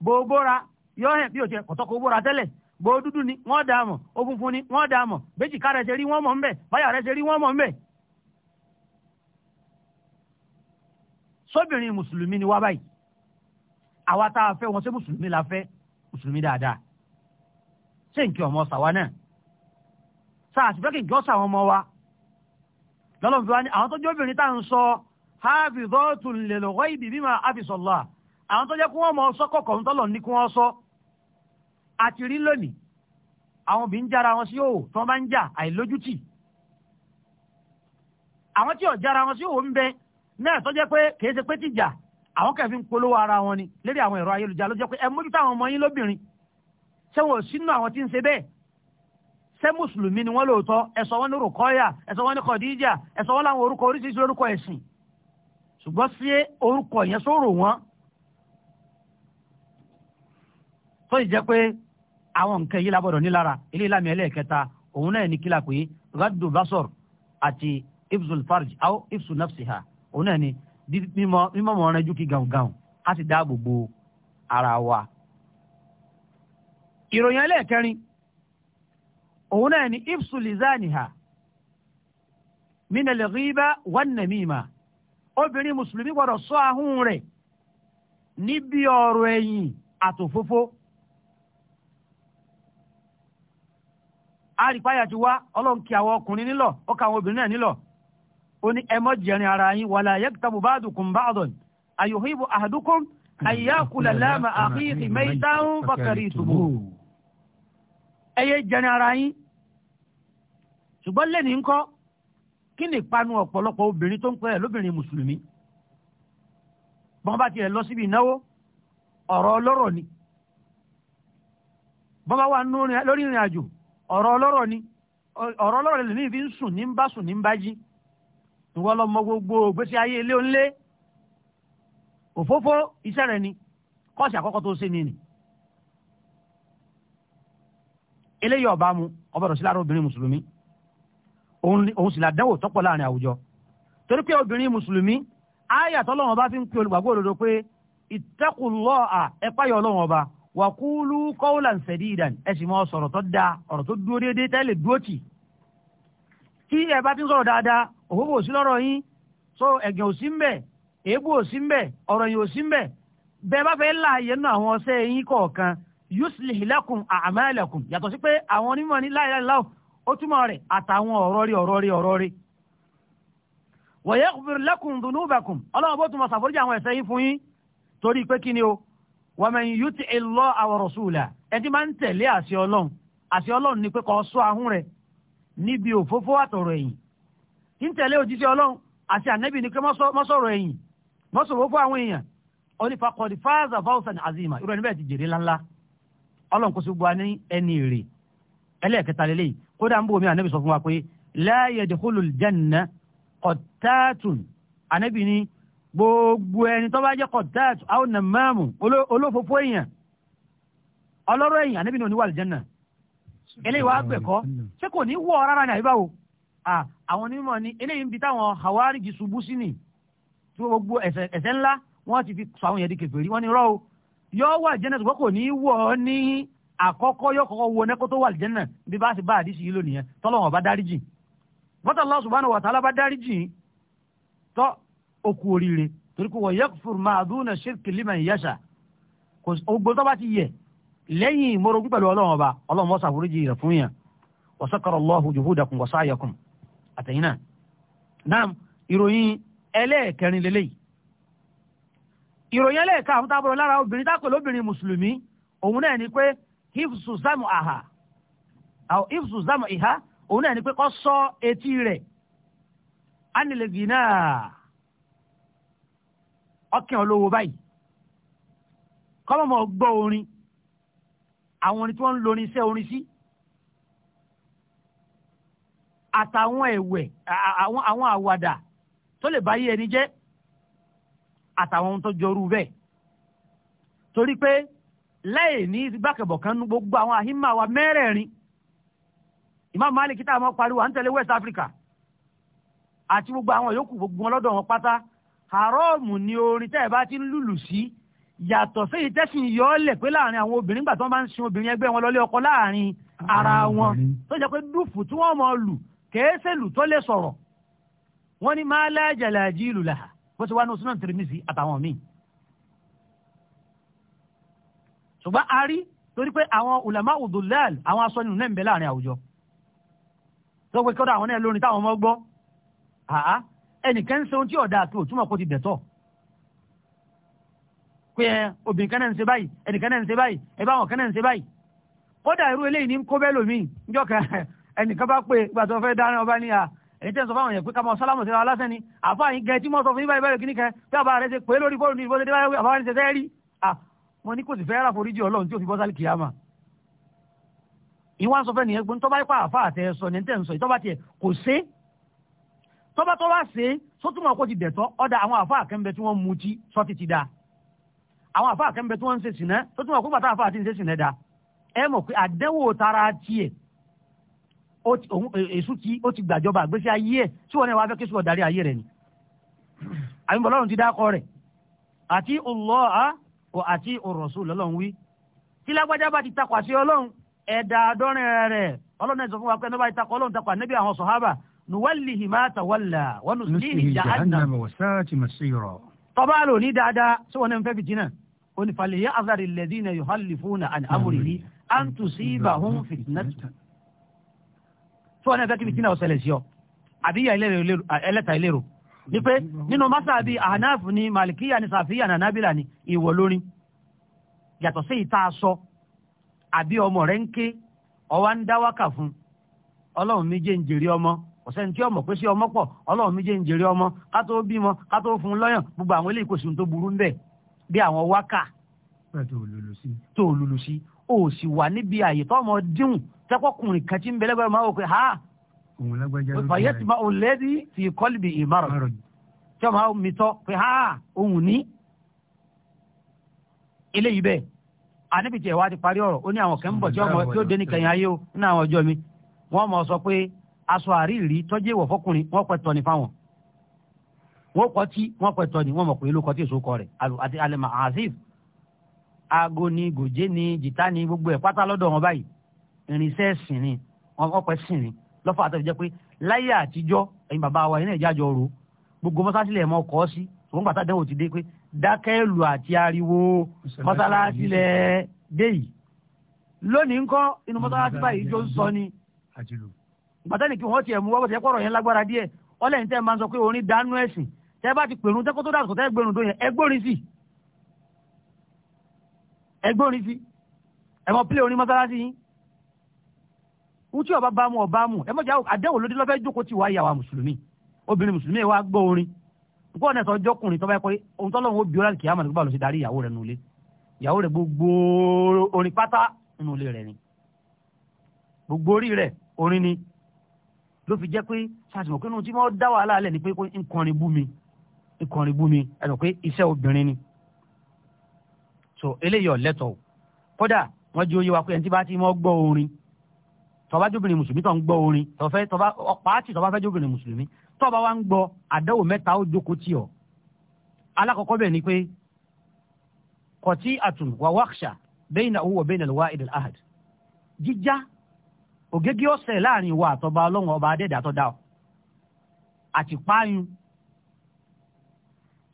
bó bóra yọ hẹ bí o jẹ kọtọ kó bóra tẹ́lẹ̀ bó dúdú ni wọ́n dà mọ̀ ó funfun ni wọ́n dà mọ̀ béjìká rẹ̀ ṣe rí wọ́n mọ̀ ńbẹ̀ báyà rẹ̀ ṣe rí wọ́n mọ̀ ńbẹ̀. sóbìnrin mùsùlùmí ni wá báyìí àwa tá a fẹ́ wọn ṣé mùsùlùmí la fẹ́ mùsùlùmí dáadáa ṣé nkí ọmọ sàwa náà sáà sì fẹ́ kí nkí sàwọn ọmọ wa lọ́lọ́mùfẹ́ wa ni àwọn tó jẹ́ obìnrin tá à ń sọ hábìdọ́tù lè lọ́wọ́ ìbí bímọ àfisọ̀lá àwọn tó jẹ́ kí wọ́n mọ sọ kọ̀kọ̀ ńtọ́lọ̀ ní kí wọ́n sọ àti rí lónìí àwọn òbí ń jára wọn sí òwò tí wọ́n bá ń jà àìlójútì àwọn tí ò jára wọn sí òwò ń bẹ náà tó jẹ́ pé kìí ṣe pé tìjà àwọn kẹfì ń polówó ara wọn ni lérí àwọn ẹ̀rọ ayélujára ló jẹ́ pé ẹ mójútó àwọn ọmọ yín lóbìnrin ṣé wọn ò sínú àwọn tí ń ṣe bẹ́ẹ̀ ṣé mùsùlùmí ni wọ́n lóòótọ́ ẹ sọ wọn ní rukọ́yà ẹ sọ wọn ní kọ̀díjà ẹ sọ wọn láwọn orúkọ oríṣiríṣi orúkọ ẹ̀sìn ṣùgbọ́n sí orúkọ yẹn sọ̀rọ̀ wọn tó sì jẹ́ pé àwọn nǹkan yìí labọ̀dọ̀ nílára ilé ìlànà ẹlẹ́ẹ̀kẹta òun náà ní kílà pé gadu basor àti ibsul farj aw ibsul nafsiha òun náà ní mímọ mọ rẹjú kí gàùngàùn á sì dáàbò bo ara wa. ìròyìn ẹlẹ́ẹ̀kẹrin òun náà ní ibsul lizaniha min al-ghiba obìnrin mùsùlùmí gbọ́dọ̀ ṣọ́ ahọ́n rẹ̀ níbi ọ̀rọ̀ ẹ̀yìn àtòfófó. àrífáyà ti wá ọlọ́run kí àwọn ọkùnrin nílọ̀ ó ka àwọn obìnrin náà nílọ̀ ó ní ẹ mọ́ jẹrin ara yín wàlá yaktabu ba'dukum ba'dan ayuhibbu ahadukum ayyakula lahma akhihi maytan fakarihtumu. ẹ yé jẹrin ara yín ṣùgbọ́n lẹ́ni ńkọ́ kí ni ìpanu ọ̀pọ̀lọpọ̀ obìnrin tó ń pẹ́ lóbìnrin mùsùlùmí bọ́n bá tiẹ̀ lọ síbi ìnáwó ọ̀rọ̀ ọlọ́rọ̀ ni bọ́n bá wà lórí ìrìn àjò ọ̀rọ̀ ọlọ́rọ̀ ni ọ̀rọ̀ ọlọ́rọ̀ lè ní ìfi ń sùn ní ń bá sùn ní ń bá jí ìwọ lọmọ gbogbo ògbésí ayé ilé ńlé òfófó iṣẹ́ rẹ ni kọ́ọ̀sì àkọ́kọ́ tó ṣe nìyí eléyìí ọba mu ọbọdọ̀ sí lára obìnrin mùsùlùmí òun sì làdánwò tọ́pọ̀ láàrin àwùjọ torí pé obìnrin mùsùlùmí ayàtọ̀ lọ́wọ́n bá fi ń pe olùgbàgbọ́ òdodo pé ìtẹ́kùlọ́ọ̀ à ẹ̀páyọ̀ ọlọ́wọ́n ọba Wakulu qulu qawlan sadidan ẹ sì máa sọ̀rọ̀ tó dáa ọ̀rọ̀ tó dúró déédéé tẹ́ lè dúró tì tí ti ń sọ̀rọ̀ dáadáa òfófó òsí lọ́rọ̀ so ẹ̀gẹ̀ òsí ń bẹ èébú òsí ń bẹ ọ̀rọ̀ yìí òsí ń bẹ bẹ́ẹ̀ bá fẹ́ là yẹn nù àwọn ọ̀sẹ̀ yín kọ̀ọ̀kan yuslih lakum a'malakum yàtọ̀ sí pé àwọn onímọ̀ ní la ilaha illallah ó túmọ̀ rẹ̀ àtàwọn ọ̀rọ̀ rí ọ̀rọ̀ rí ọ̀rọ̀ rí wa yaghfir lakum dhunubakum ọlọ́run bó túmọ̀ ṣàforíjì àwọn ẹ̀ṣẹ̀ yín fún yín torí o wa man yuti Allaha wa rasulahu ẹ ti máa ń tẹ̀lé àṣẹ ọlọ́run àṣẹ ọlọ́run ni pé kó ṣọ́ ahọ́n rẹ̀ níbi òfófó àtọ̀rọ̀ ẹ̀yìn tí ń tẹ̀lé òjíṣẹ́ ọlọ́run àṣẹ ànẹ́bì ni pé mọ́ ẹ̀yìn mọ́ fún àwọn èèyàn ó ní faqad faaza irú ẹni bẹ́ẹ̀ ti jèrè ńláńlá ọlọ́run kò sí gbọ́ gbogbo ẹni tó bá jẹ́ kọ̀dáàt àwọn nàmáàmù olófòfó èèyàn ọlọ́rọ̀ èèyàn níbi ní oníwà àlùjànnà eléyìí wàá gbẹ̀kọ́ ṣé kò ní wọ̀ rárá ní àyíbáwo àwọn onímọ̀ ni eléyìí ń bi táwọn hawariji ṣubú sí ni tí gbogbo ẹ̀ṣẹ̀ ńlá wọ́n ti fi sọ àwọn yẹn di kèfèrí wọ́n ní rọ́ o yọ wà àlùjànnà ṣùgbọ́n kò ní wọ̀ ọ́ ní àkọ́kọ́ yọ kọ́kọ́ wọ nẹ́kọ́ tó wà àlùjànnà bí bá ti bá àdìsí yìí lónìí yẹn tọ́lọ́wọ́n bá dáríjì bọ́tà Allah subhanahu wa ta'ala bá dáríjì tọ́ ó kú oríire torí kò wọ́n yakfur máa dúnà ṣírkì liman yasha kò gbogbo tó bá ti yẹ lẹ́yìn ìmọ̀rọ̀gún pẹ̀lú ọlọ́run ọba ọlọ́run wọ́n ṣàforíjì rẹ̀ fún yàn wa sakara Allahu juhudakum wa sa'yakum àtẹ̀yìn náà náà ìròyìn ẹlẹ́ẹ̀kẹrin lélẹ́yìí ìròyìn ẹlẹ́ẹ̀ka àwọn tábọ̀rọ̀ lára obìnrin tápẹ̀ lóbìnrin mùsùlùmí òun náà ni pé hifsu zamu aha àwọn hifsu zamu iha òun náà ni pé kó ṣọ́ etí rẹ̀ ánilẹ̀gì náà ọkàn olówó báyìí kọ́mọ̀ mọ̀ gbọ́ orin àwọn orin tí wọ́n ń lo orin iṣẹ́ orin sí àtàwọn ẹ̀wẹ̀ àwọn àwàdà tó lè báyé ẹni jẹ́ àtàwọn ohun tó jọrú bẹ́ẹ̀ torí pé lẹ́yìn ní bákẹ̀bọ̀ kan nú gbogbo àwọn àhímà wa mẹ́rẹ̀ẹ̀rin Imam Malik tá a mọ̀ pariwo à ń tẹ̀lé West Africa àti gbogbo àwọn yòókù gbogbo ọlọ́dọ̀ wọn pátá haramu ni orin tẹ́ ẹ bá ti ń lùlù sí yàtọ̀ sí ìtẹ́sìn yọ́ọ̀lẹ̀ pé láàrin àwọn obìnrin gbà tí wọ́n bá ń sin obìnrin ẹgbẹ́ wọn lọ́lé ọkọ láàrin ara wọn tó jẹ́ pé dùfù tí wọ́n mọ̀ lù kèése lù tó lè sọ̀rọ̀ wọ́n ní máa lẹ́jẹ̀lẹ̀ àjí ìlú làhà bó ti wá ní oṣù náà tìrìmìsì àtàwọn míì. ṣùgbọ́n a rí torí pé àwọn ulama udulal àwọn aṣọ nínú náà ń bẹ láàrin àwùjọ tó pé kọ́dọ̀ àwọn náà lórin táwọn ọmọ gbọ́ ẹnìkan ń ṣe ohun tí ọ̀dà àti òtúmọ̀ kó ti dẹ̀tọ̀ pé ẹ obìnrin kan náà ń ṣe báyìí ẹnìkan náà ń ṣe báyìí ẹ báwọn kan náà ń ṣe báyìí kódà irú eléyìí ní kó bẹ́ẹ̀ lómi níjọ́ kan ẹnìkan bá pé ìgbà tó fẹ́ dáná ọba ní à tẹ́ ń sọ fáwọn yẹn pé ká mọ sálámù sí ara lásán ni àfa yín gẹ tí mo sọ fún yín báyìí báyìí kìíní àbá rẹ ṣe pé lórí bọ́ọ̀lù ní ìbọn tẹ́lẹ̀ àbá rẹ ṣe fẹ́ à mo ní kò sì fẹ́ rà foríjì ọlọ́run tí ò fi bọ́ sálì kìámà. ìwọ́n sọ fẹ́ nìyẹn gbọ́n tó bá yípa àfa àtẹ sọ ní tẹ̀ ń sọ ìtọ́ bá tiẹ̀ kò sé tọ́ba tọ́ba ṣe sótúmọ̀ kó ti dẹ̀tọ́ ọ̀dà àwọn àfa àkẹ́mbẹ tí wọ́n mutí sọ́tì ti da àwọn àfa àkẹ́mbẹ tí wọ́n ń ṣe sìnẹ́ sótúmọ̀ kó bàtà àfa àti ń ṣe sìnẹ́ da ẹ mọ̀ pé àdẹ́wò tara tiẹ̀ èṣù tí ó ti gbàjọba àgbésí ayé ẹ̀ tí wọ́n ní wàá fẹ́ kí sùwọ́n darí ayé rẹ̀ ni àmì ti dákọ rẹ̀ àti Allah àti Rasul lọ́lọ́run wí tí lágbájá bá ti takọ̀ àti ọlọ́run ẹ̀dà àdọ́rin rẹ̀ ọlọ́run ẹ̀ nuwallihi ma tawalla wa nuslihi jahannam wa sa'at masira tọ́ba lò ní dáadáa tí wọ́n ní fẹ́ fìtínà òní falẹ̀ yẹ azari alladhina yukhallifuna an amrihi an tusibahum fitnatun tí wọ́n ní fẹ́ kí fìtínà ọ̀sẹ̀lẹ̀ sí ọ àbí ìyá ẹlẹ́ta ìlérò ni pé nínú masabi ahnaf ni malikiya ni safiya ni anabila ni ìwọ lórí yàtọ̀ sí ìta aṣọ àbí ọmọ rẹ̀ ń ké ọwọ́ ń dáwákà fún ọlọ́run méjèèjì rí ọ̀sẹ̀ ní tí ọmọ pé sí ọmọ pọ̀ ọlọ́run méjì ń jèrè ọmọ ká tó bímọ ká tó fún un lọ́yàn gbogbo àwọn eléyìí kò sí ohun tó burú ń bí àwọn wákà tó lulu sí o sì wà níbi àyè tó ọmọ díhùn tẹ́kọ̀kùnrin kan tí ń bẹ lẹ́gbẹ̀ẹ́ máa wò pé ha fàyẹ́ ti máa ò lẹ́dí fi kọ́lì bí ha òun ní eléyìí bẹ́ẹ̀ àníbi tí ẹ̀ wá ti parí ọ̀rọ̀ ó ní àwọn kẹ́ ń bọ̀ tí ọmọ tí ó dé ní kẹyìn ayé o ní àwọn ọjọ́ mi wọ́n mọ̀ sọ pé aṣọ àríìrí tọ́jú èèwọ̀ fọkùnrin wọ́n pẹ́ tọ́ni fáwọn wọ́n kọ́ tí wọ́n pẹ́ tọ́ni wọ́n mọ̀ pé ló kọ́ tí èso kọ rẹ̀ àti alẹ́mọ̀ azif aago ni gòjé ni jìtá ni gbogbo ẹ̀ pátá lọ́dọ̀ wọn báyìí irinṣẹ́ sìn ni wọ́n pẹ́ sìn ni lọ́fà àtọ́jú jẹ́ pé láyé àtijọ́ ẹ̀yin bàbá wa yìí náà ìjájọ ro gbogbo mọ́sálásílẹ̀ mọ́ kọ́ sí ṣùgbọ́n gbàtà dẹ́wò ti dé pé dákẹ́lù àti ariwo mọ́sálásílẹ̀ dé yìí lónìí ńkọ́ inú mọ́sálásí báyìí jó ń sọ ni bàtẹ́nì kí wọ́n tiẹ̀ mú wọ́pọ̀ tẹ́ kọ́rọ̀ yẹn lágbára díẹ̀ ọlẹ́yìn tẹ́ máa ń sọ pé orin dánú ẹ̀sìn tẹ́ bá ti pèrún tẹ́kọ́ tó dàsùkọ́ tẹ́ gbẹ̀rún tó yẹn ẹgbórin sí ẹgbórin sí ẹ mọ pílẹ̀ orin mọ́sálásí yín wútí ọba bá mu ọba mu ẹ mọ̀ àdéhùn lóde lọ́fẹ́ jókòó ti wá mùsùlùmí obìnrin mùsùlùmí wa gbọ́ orin nǹkan ọ̀nà ẹ̀sọ́ ọjọ́kùnrin tọ́ba ẹ̀kọ́ ohun tọ́lọ́run ó bí ọ́lá kìí àmàlùkù bá lọ sí darí ìyàwó rẹ̀ nulẹ̀ ìyàwó rẹ̀ gbogbo orin pátá nínú ilé ni gbogbo orí rẹ̀ orin ni ló fi jẹ́ pé ṣàtìmọ̀ pé inú tí wọ́n dá wàhálà lẹ̀ ni pé nkọrin bú mi nkọrin bú mi ẹ̀rọ pé iṣẹ́ obìnrin ni so eléyìí ọ̀lẹ́tọ̀ kódà wọ́n jẹ́ oyé wa pé ẹni tí bá ti mọ́ gbọ́ orin tọba jóbìnrin mùsùlùmí tó ń gbọ́ orin tọfẹ́ tọba pàátì tọba fẹ́ jóbìnrin mùsùlùmí tọba wa ń gbọ́ àdáwò mẹ́ta ó jókòó tì alákọ̀ọ́kọ́ bẹ̀ ni pé kọ̀tí àtùn wà wáṣà bẹ́yìn náà owó bẹ́yìn náà wá ìdàl ahad jíjá ògégé ọ̀sẹ̀ láàrin ìwà àtọba ọlọ́run ọba adẹ́dà tó dá ọ àti páyún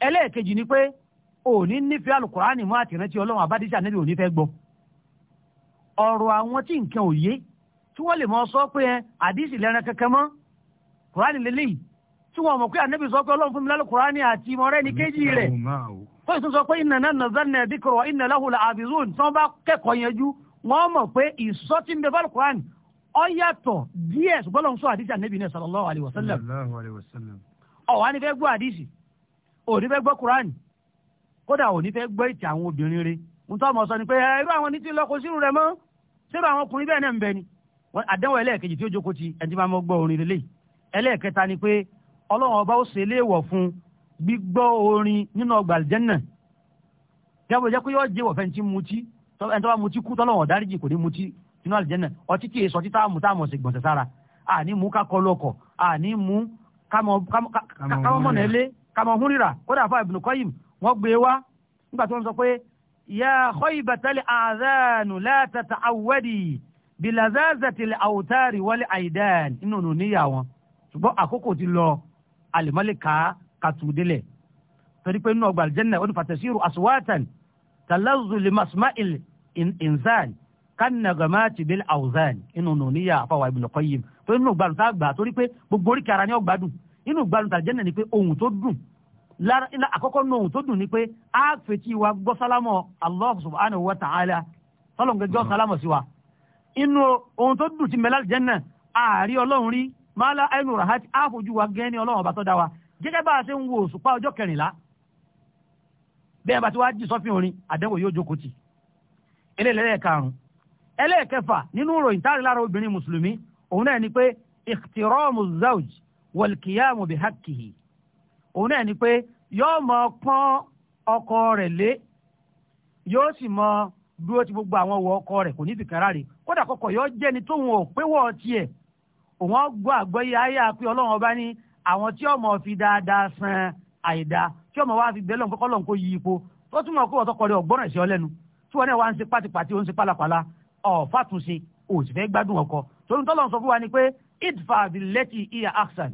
ẹlẹ́ẹ̀kejì ni pé òní nífẹ̀ẹ́ alukùránì mọ́ àtìrántí ọlọ́run abádísà níbi òní fẹ́ gbọ́ ọ̀rọ̀ àwọn tí nǹkan ò yé tí wọ́n lè mọ sọ pé àdísì lẹ́ran kankan mọ́ kùránì lélẹ́yìí tí wọ́n mọ̀ pé ànábì sọ pé ọlọ́run fún mi lálùkùránì àti mọ̀rẹ́ ní kéjì rẹ̀ tó ìsún sọ pé iná náà nàzánà ẹ̀díkọ̀rọ̀ iná láhùlà àbìzún tí wọ́n bá kẹ́kọ̀ọ́ yẹn jú wọ́n mọ̀ pé ìsọ́tí ń bẹ bálùkùránì ọ yàtọ̀ díẹ̀ ṣùgbọ́n lọ́n sọ àdìsí ànábì náà sallallahu alayhi wa sallam ni fẹ́ gbọ́ àdìsí òní fẹ́ gbọ́ kuraani kódà òní fẹ́ gbọ́ ìtì àwọn obìnrin ń tọ́ ọmọ sọ ni pé ẹ eh, irú àwọn ní ti lọ́kọ sírù rẹ̀ mọ́ àwọn ọkùnrin bẹ́ẹ̀ ni àdánwò ẹlẹ́ẹ̀kejì tí ó jókòó ti ẹni tí máa mọ́ gbọ́ orin lélẹ̀ ẹlẹ́ẹ̀kẹta ni pé ọlọ́run ọba ó ṣe sínú àlìjẹ́nà ọtí kìí sọ títà mú táàmù ọ̀sẹ̀ gbọ̀nsẹ̀ sára àní mú ká kọlu ọkọ̀ àní mú kámọ́ mọ̀nà ilé kámọ́ hún rírà kódà fún Ibn Qayyim wọ́n gbé e wá nígbà tí wọ́n sọ pé yà khaybatal àdánù la tata'awwadi bilazazatil awtari wal aidan inú nù níyà wọn ṣùgbọ́n àkókò ti lọ alimọ́lẹ̀ ká kàtúndínlẹ̀ torí pé nínú ọgbà àlìjẹ́nà ó ní kánàgàmáàtì bẹ́ẹ̀ àwùzán inú nù níyà àfàwà Ibn Qayyim tó inú gbádùn tá a gbà torí pé gbogbo oríkì ara ni ó gbádùn inú gbádùn tàjẹ́ náà ni pé ohun tó dùn lára àkọ́kọ́ nu ohun tó dùn ni pé a fetí wa gbọ́ sálámọ̀ Allah subhanahu wa ta'ala sọlọ́ngẹ́jọ́ mm. sálámọ̀ sí wa inú ohun tó dùn ti mẹ́lá jẹ́ náà ààrí ọlọ́run rí mala ainu rahat àfojú wa gẹ́ ní ọlọ́run ọba tó dá wa gẹ́gẹ́ bá a ṣe ń wo òṣùpá ọjọ́ kẹrìnlá bẹ́ẹ̀ bá ti wá ẹlẹ́ẹ̀kẹfà nínú ìròyìn táàrí lára obìnrin mùsùlùmí òun náà ni pé ìkìtìrọ́ọ̀mù zawj wọ̀lkìyàmù bí hákìhì òun náà ni pé yóò mọ pọ́n ọkọ rẹ̀ lé yóò sì mọ dúró ti gbogbo àwọn ọwọ́ ọkọ rẹ̀ kò ní fìkàrà rè kódà kọ́kọ́ yóò jẹ́ni tóun ò péwọ́ tiẹ̀ òun gbọ́ àgbọ́yé ayé àpé ọlọ́run ọba ní àwọn tí ọmọ fi dáadáa san àìda tí ọmọ wa fi bẹ́lọ̀ kọ́kọ́ lọ́n kó yí ipò tó túmọ̀ kó ọ̀tọ́kọ̀ rẹ̀ ọ̀gbọ́n rẹ̀ sí ọ lẹ́nu tí wọ́n náà wá ń ṣe pátipàti ó ń ṣe pálapàla ọ̀fàtúnṣe ò sì fẹ́ gbádùn ọkọ torí tọ́lọ̀ sọ fún wa ni pé idfa billati iya ahsan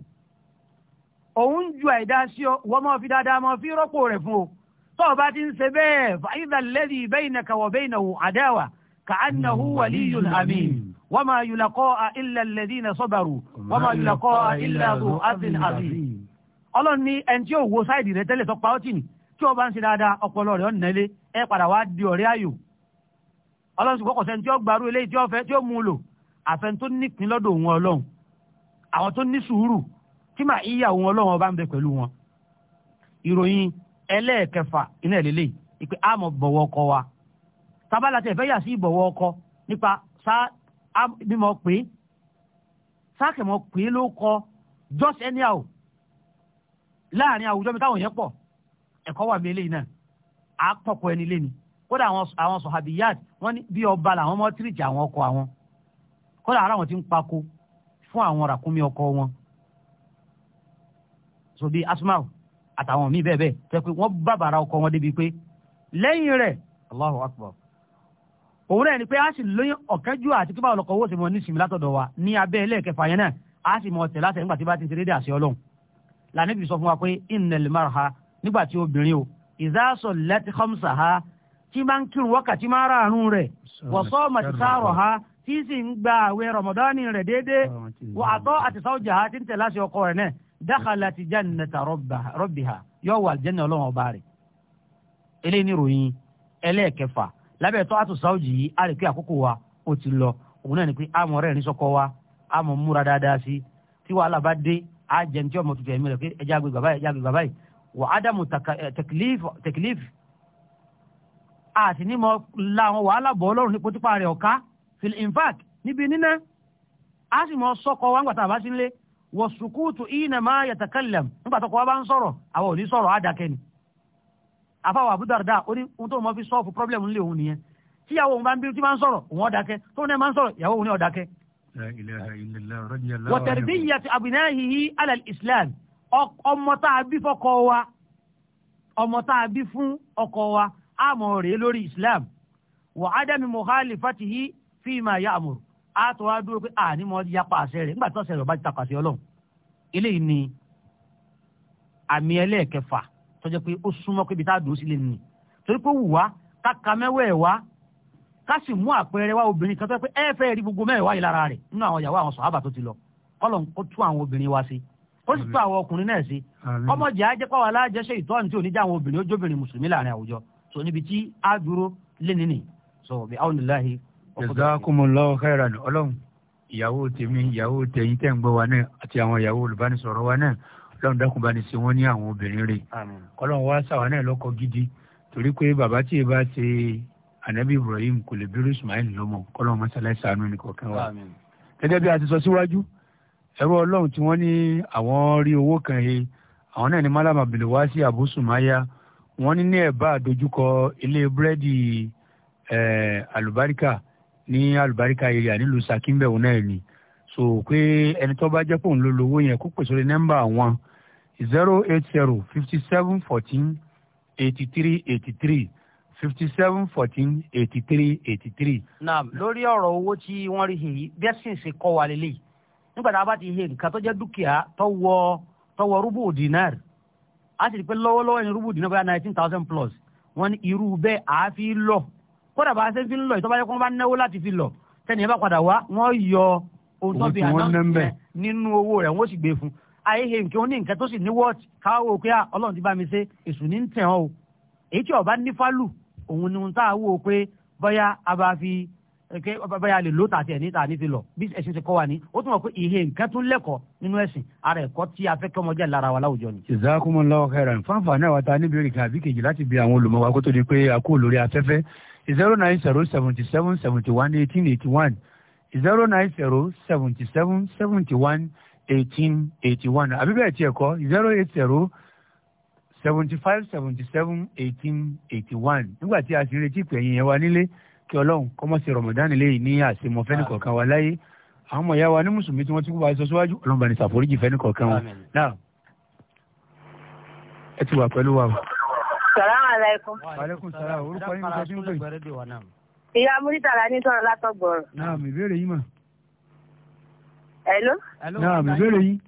òun ju àìdá sí ọ wọ́n máa fi dáadáa máa fi rọ́pò rẹ̀ fún o tọ́ ọ bá ti ń ṣe bẹ́ẹ̀ fa idha alladhi baynaka wa baynahu adawa ka'annahu mm. waliyyun amin wa ma yulaqaha illa alladhina sabaru wa ma yulaqaha illa dhu adhin azim ọlọ́run ní ẹni tí yóò wo sáìdì rẹ tẹ́lẹ̀ sọ pa ọ́ tí ó bá ń ṣe dáadáa ọpọlọ rẹ̀ ọ̀nà ilé ẹ padà wá di ọ̀rẹ́ ayò ọlọ́run ṣùgbọ́n kò sẹ́ni tí ó gbarú eléyìí tí ó fẹ́ tí ó mú un lò àfẹn tó nípìn lọ́dọ̀ òun ọlọ́run àwọn tó ní sùúrù tí màá yíyà òun ọlọ́run ọba ń bẹ pẹ̀lú wọn. ìròyìn ẹlẹ́ẹ̀kẹfà iná ìlélẹ̀ ìpè àmọ̀ bọ̀wọ̀ ọkọ wa tábàlà tẹ̀ fẹ́ yà sí ìbọ̀wọ̀ ọkọ nípa bímọ pé sáàkẹ̀mọ̀ pé ló kọ just anyhow láàrin àwùjọ mi táwọn yẹn pọ̀ ẹ̀kọ́ wà mí eléyìí náà àá pọ̀pọ̀ ẹni léni kódà àwọn sọ̀hábìyàt wọ́n ní bí ọba làwọn mọ́ tìrìtì àwọn ọkọ àwọn kódà ara wọn ti ń pako fún àwọn ràkúnmí ọkọ wọn so bíi asmau àtàwọn míì bẹ́ẹ̀ bẹ́ẹ̀ tẹ́ pé wọ́n bàbàrà ọkọ wọn débi pé lẹ́yìn rẹ̀ allahu akbar òun rẹ̀ ni pé a sì lóyún ọ̀kẹ́jú àti kí báwọn ọkọ owó sì mọ nísìmí látọ̀dọ̀ wa ní abẹ́ ẹlẹ́ẹ̀kẹfà yẹn náà a sì mọ ọ̀tẹ̀ láti nígbà tí bá ti ń ṣe àṣẹ ọlọ́run lànà sọ fún wa pé innal marha nígbà tí obìnrin o ìzásọ̀ lẹ́tí khamsaha tí máa ń kírun wákàtí máa ra àrùn rẹ̀ wọ̀sọ́ màtísáàrọ̀ ha tí sì ń gba àwẹ̀ rọmọdánì rẹ̀ déédéé wọ àtọ́ àti sáwọ́jà ha ti ń tẹ̀lé àṣẹ ọkọ rẹ̀ náà dákàlà ti jannata rọ́bì ha yóò wà àlìjẹ́nà ọlọ́run ọba rẹ̀ eléyìí ní ròyìn ẹlẹ́ẹ̀kẹfà lábẹ́ tọ́ àtò sáwọ́jì yìí a rè pé àkókò wa ó ti lọ òun náà ni pé àmọ̀ rẹ̀ ní sọ́kọ wa àmọ̀ múra dáadáa sí tí wàhálà bá dé àjẹntí ọmọ tuntun ẹ̀mí rẹ̀ pé ẹja àti ní mọ la wàhálà bọ̀ ọlọ́run ní potipa rẹ̀ fil infact níbi a sì mọ sọkọ wa ń gbàtà sí nílé wọ ma yatakallam nígbà tọkọ wa bá ń sọ̀rọ̀ àwọn ò ni àfàwọn Darda ó ní ohun tó mọ fi sọ́ọ̀fù problem ńlẹ̀ òun nìyẹn tíyàwó òun bá ń bí tí máa ń sọ̀rọ̀ òun tó ní máa ń sọ̀rọ̀ òun ní ala islam ọmọ tá a àmọ̀ rẹ̀ lórí islam wà ádámì mukhalifatihi fíìmà ya'mur àtọ̀ wá dúró pé àní mọ́ yapa àṣẹ rẹ̀ nígbà tó ṣẹlẹ̀ ọba ti takọ̀ àṣẹ ọlọ́run eléyìí ni àmì ẹlẹ́ẹ̀kẹfà tó jẹ́ pé ó súnmọ́ pé ibi tá a dùn ó sílé nìyí torí pé wù wá ká ka mẹ́wẹ̀ẹ́ wá ká sì mú àpẹẹrẹ wá obìnrin kan tó yẹ pé ẹ fẹ́ rí gbogbo mẹ́wẹ̀ẹ́ wá yìí lára rẹ̀ nínú àwọn ìyàwó àwọn sọ̀hábà tó ti lọ kọ́lọ̀ kó tú àwọn obìnrin wá sí ó sì tú àwọn ọkùnrin náà sí ọmọ jẹ́ ajẹ́pọ̀ wà láàjẹsẹ́ ìtọ́ni tí ò ní jẹ́ àwọn obìnrin ojóbìnrin mùsùlùmí láàrin àwùjọ so níbi tí a dúró lẹ́ni nì so bí àwọn níláhi. jazakumullahu khairan ọlọ́run ìyàwó tèmi ìyàwó tẹ̀yìn tẹ̀ ń gbọ́ wa náà àti àwọn ìyàwó olùbánisọ̀rọ̀ wa náà ọlọ́run dákun bá ní ṣe wọ́n ní àwọn obìnrin rẹ̀ ọlọ́run wá sàwọn náà lọ́kọ gidi torí pé bàbá tí ì bá ṣe anabi ibrahim kò lè bírú ismail lọ́mọ ọlọ́run mọ́sálásí àánú nìkọ̀ọ̀kan wa gẹ́gẹ́ bí a ti sọ malama abdulwasi abu wọ́n ní ní ẹ̀bá àdójúkọ ilé búrẹ́dì alubarika ní alubarika area nílùú sakínbẹ̀wò náà ni so pé ẹni tó bá jẹ́ pòun ló lówó yẹn kó pèsè 83 wọn zero eight zero fifty seven fourteen eighty three eighty three fifty seven fourteen eighty three eighty three. lórí ọ̀rọ̀ owó tí wọ́n rí yìí bí ẹ̀sìn a sì rí pé lọ́wọ́lọ́wọ́ ní rúbù dínà bóyá nineteen thousand plus wọ́n ní irú bẹ́ẹ̀ àá fi lọ kódà bá a ṣe fi ń lọ ìtọ́ba yẹ kó wọ́n bá náwó láti fi lọ tẹ́ni ẹ bá padà wá wọ́n yọ ohun tó fi àná nínú owó rẹ̀ wọ́n sì gbé fún ayé he nǹkan ó ní nǹkan tó sì ní wọ́ọ̀tì káwọ́ pé ah, ọlọ́run ti bá mi ṣe èṣù ní tẹ̀ ọ́ èyí tí ọba ní òun ni ohun tá a wò pé bóyá a bá fi ẹ̀kẹ́ bàbá yà lè ló tà tiẹ̀ níta ní ti lọ bí ẹ̀sìn ti kọ́ wa ni ó tún mọ̀ pé ìhe nǹkan tún lẹ́kọ̀ọ́ nínú ẹ̀sìn ara ẹ̀kọ́ tí a fẹ́ kí ọmọ jẹ́ lára wa láwùjọ ni. jazakumullahu khairan fanfa náà wa ta níbi èrè àbí kejì láti bi àwọn olùmọ̀ kó tó di pé a kú lórí afẹ́fẹ́ zero nine zero seventy seven seventy one eighteen eighty one zero nine zero seventy seven seventy one eighteen eighty one àbí bẹ́ẹ̀ tiẹ̀ kọ́ zero eight zero seventy five seventy seven eighteen eighty one nígbà tí a sì retí pẹ̀yìn yẹn wa nílé kí ọlọ́run kọ́mọ́ sí rọmọdán ilé yìí ní àṣemọ fẹ́nìkọ̀ọ̀kan wa láyé àwọn ọmọ ìyá wa ní mùsùlùmí tí wọ́n ti kú bá sọ síwájú ọlọ́run bá ní ṣàforíjì fẹ́nìkọ̀ọ̀kan wa náà ẹ ti wà pẹ̀lú wa. salamu alaykum. waaleykum salaam orúkọ yín sọ fún mi. ìyá muritala ní sọ̀rọ̀ látọ̀gbọ̀rọ̀. náà mi yín mà. hello. náà mi yín.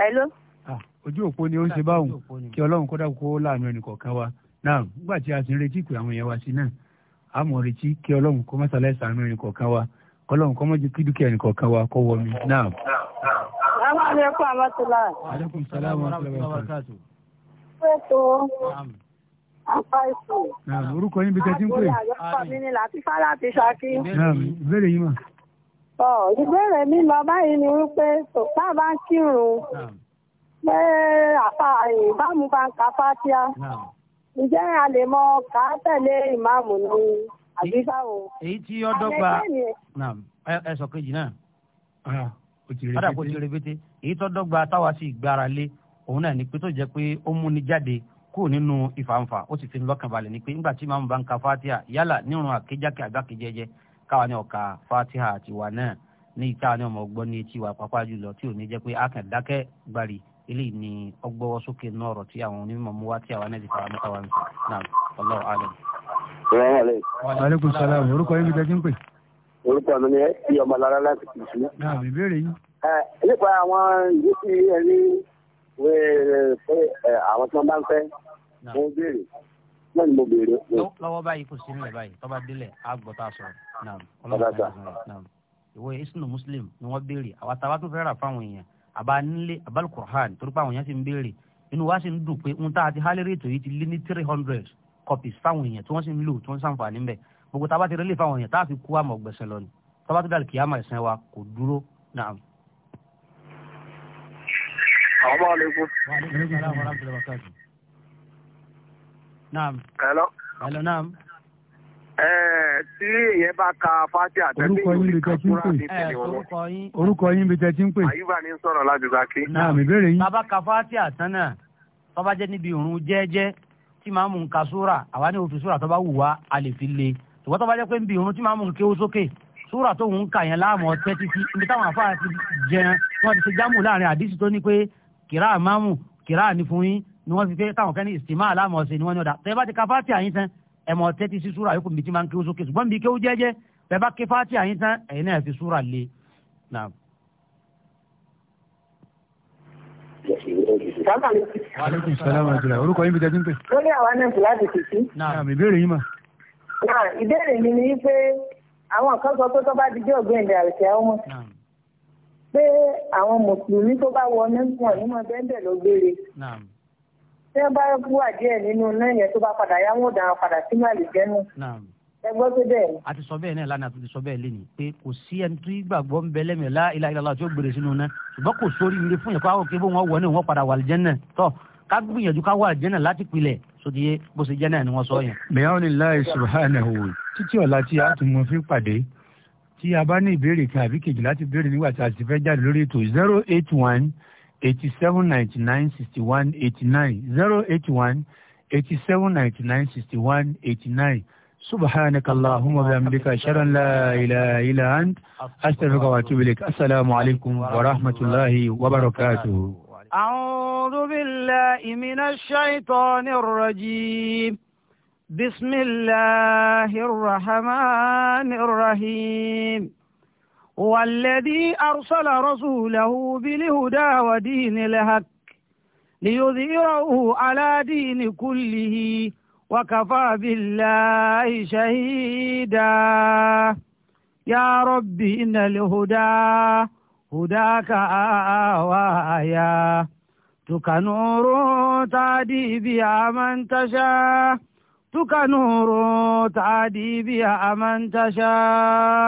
hello. Ah, ojú òpó ni ó ń ṣe báwọn kí ọlọ́run kó dà kó láàánú ẹnì kọ̀ọ̀kan wa náà nígbà tí a ti ń retí pé àwọn èèyàn wa sí náà àmọ̀rìtì kí ọlọ́run kó mọ́sálá ìsàánú ẹnì kọ̀ọ̀kan wa ọlọ́run kó mọ́jú kí dúkìá ẹnì kọ̀ọ̀kan wa kó wọ mi náà. Àwọn àlékún àmọ́tòlá. Àlékún sàlámù àtàlàkàtù. Fẹ́tò àpáìsì. Orúkọ yín bí tẹ́tí ń pè. Ìbéèrè yín mà. Ìbéèrè mi lọ báyìí ni wípé tá a bá ń kírun pé àbámu bá ń ka fátíà. ǹjẹ́ a lè mọ ká tẹ̀lé ìmáàmù ní àbí báwo. èyí tí ó dọ́gba ẹ sọ kejì náà ah, padà kó ti rebete èyí tó dọ́gba táwa sì gbára lé òun náà ni pé tó jẹ́ pé ó múni jáde kúrò nínú ìfàǹfà ó sì fi lọ́kàn balẹ̀ ni pé ka yálà fatiha àtiwá náà ní ìta ní ọmọ ọgbọ́n ní etí wa pàápàá jùlọ tí ò ní jẹ́ pé eléyìí ni ọgbọ́wọ́ sókè náà ọ̀rọ̀ tí àwọn onímọ̀ mú wá tí àwọn ẹ̀dì fara mọ́ta wà ń sọ náà Allahu alam. aleykum salaam orúkọ yín gbẹdẹ kí n pè. orúkọ mi ni ẹ ti ọmọ lára láti kì í sí. náà ìbéèrè yín. nípa àwọn ìwé tí ẹ ní àwọn tí wọ́n bá ń fẹ́ mo béèrè náà ni mo béèrè. lọ́wọ́ báyìí kò sí nílẹ̀ báyìí tọ́ba délẹ̀ á gbọ́ tá a sọ̀rọ̀ náà ọlọ́run ìwé Isnu Muslim ni wọ́n béèrè àwọn táwa tún fẹ́ fáwọn èèyàn àbá nílé àbálù kùrán torí pé àwọn èèyàn ti ń béèrè inú wa sì ń dùn pé ohun tá a ti hálẹ́rì ètò yìí ti lé ní three hundred copies fáwọn èèyàn tí wọ́n sì ń lò tí wọ́n sàǹfààní ń gbogbo tá a bá ti rẹ́lẹ̀ fáwọn èèyàn tá a fi kú àmọ̀ gbẹ̀sẹ̀ lọ ni tá a bá tó dàlù kí àmọ̀ ẹ̀sìn wa kò dúró náà. àwọn aleykum. wa aleykum salaam wa rahmatulahi wa barakatuh. tí èyàn bá ka orúkọ yín bí tẹ́tí ń pè. ni náà mi bèrè ka fati àtàn jẹ́ níbi jẹ́ẹ́jẹ́ tí màá mú àwa ní òfin wù wá a lè fi le ṣùgbọ́n tọ́ba jẹ́ pé níbi tí màá mú sókè tó ń kà yẹn láàmú títí táwọn ti jẹun wọ́n ti ṣe jámù láàrin àdísì tó ní pé kìrá àmáàmù kìrá yín ni wọ́n kẹ́ni ẹmọ tẹ́tí sí súra yòókù mi ti máa ń kéwú sókè ṣùgbọ́n mi kéwú jẹ́jẹ́ bẹ́ẹ̀ bá ké fáti àyín tán ẹ̀yin náà fi súra lé. aleykum salaam wa rahmatulah orúkọ yín bí tẹ́tí ń pè. lórí àwa náà sì láti tètè. náà ìbéèrè yín mà. náà ìbéèrè mi ni pé àwọn kan sọ pé tó bá dijọ́ ọ̀gbìn ìdè àrùkẹ́ ọmọ pé àwọn mùsùlùmí tó bá wọ ní wọn ní mọ̀ bẹ́ẹ̀ bẹ́ẹ̀ ló gbére tí wọ́n bá wà díẹ̀ nínú náà yẹn tó bá padà yá wọn ò dára padà sínú àlùjẹ́ náà ẹgbọ́n tó bẹ́ẹ̀ ni. a ti sọ bẹ́ẹ̀ náà lánàá tó ti sọ bẹ́ẹ̀ lénìí pé kò sí ẹni tó gbàgbọ́ ń bẹ lẹ́mìí la ilaha illallah tí ó gbèrè sínú náà ṣùgbọ́n kò sórí ire fún yẹn pé àwọn kébé wọn wọ ní wọn padà wà aljanna tó ká gbìyànjú ká wà aljanna láti pilẹ̀ sódìye bó ṣe jẹ́ ni wọ́n sọ yẹn. bẹ́ẹ̀ni láì subhanahu títí ọ̀la tí a tún mọ fi pàdé tí a bá ní ìbéèrè kan àbí kejì láti béèrè nígbà tí a ti fẹ́ jáde lórí ètò zero eight one eighty seven ninety nine sixty one eighty nine zero eight one eighty seven ninety nine sixty one eighty nine subhanakallahumma wa bihamdika sharan la ilaha illa ant astaghfiruka wa atubu ilaik assalamu alaikum wa rahmatullahi wa barakatuh a'udhu billahi minash shaitanir rajim بسم الله الرحمن الرحيم هو الذي أرسل رسوله بالهدى ودين الهك ليظهره على دين كله وكفى بالله شهيدا يا رب إن الهدى هداك آوايا تك نور تعدي بها من تشاء تك نور تعدي بها من تشاء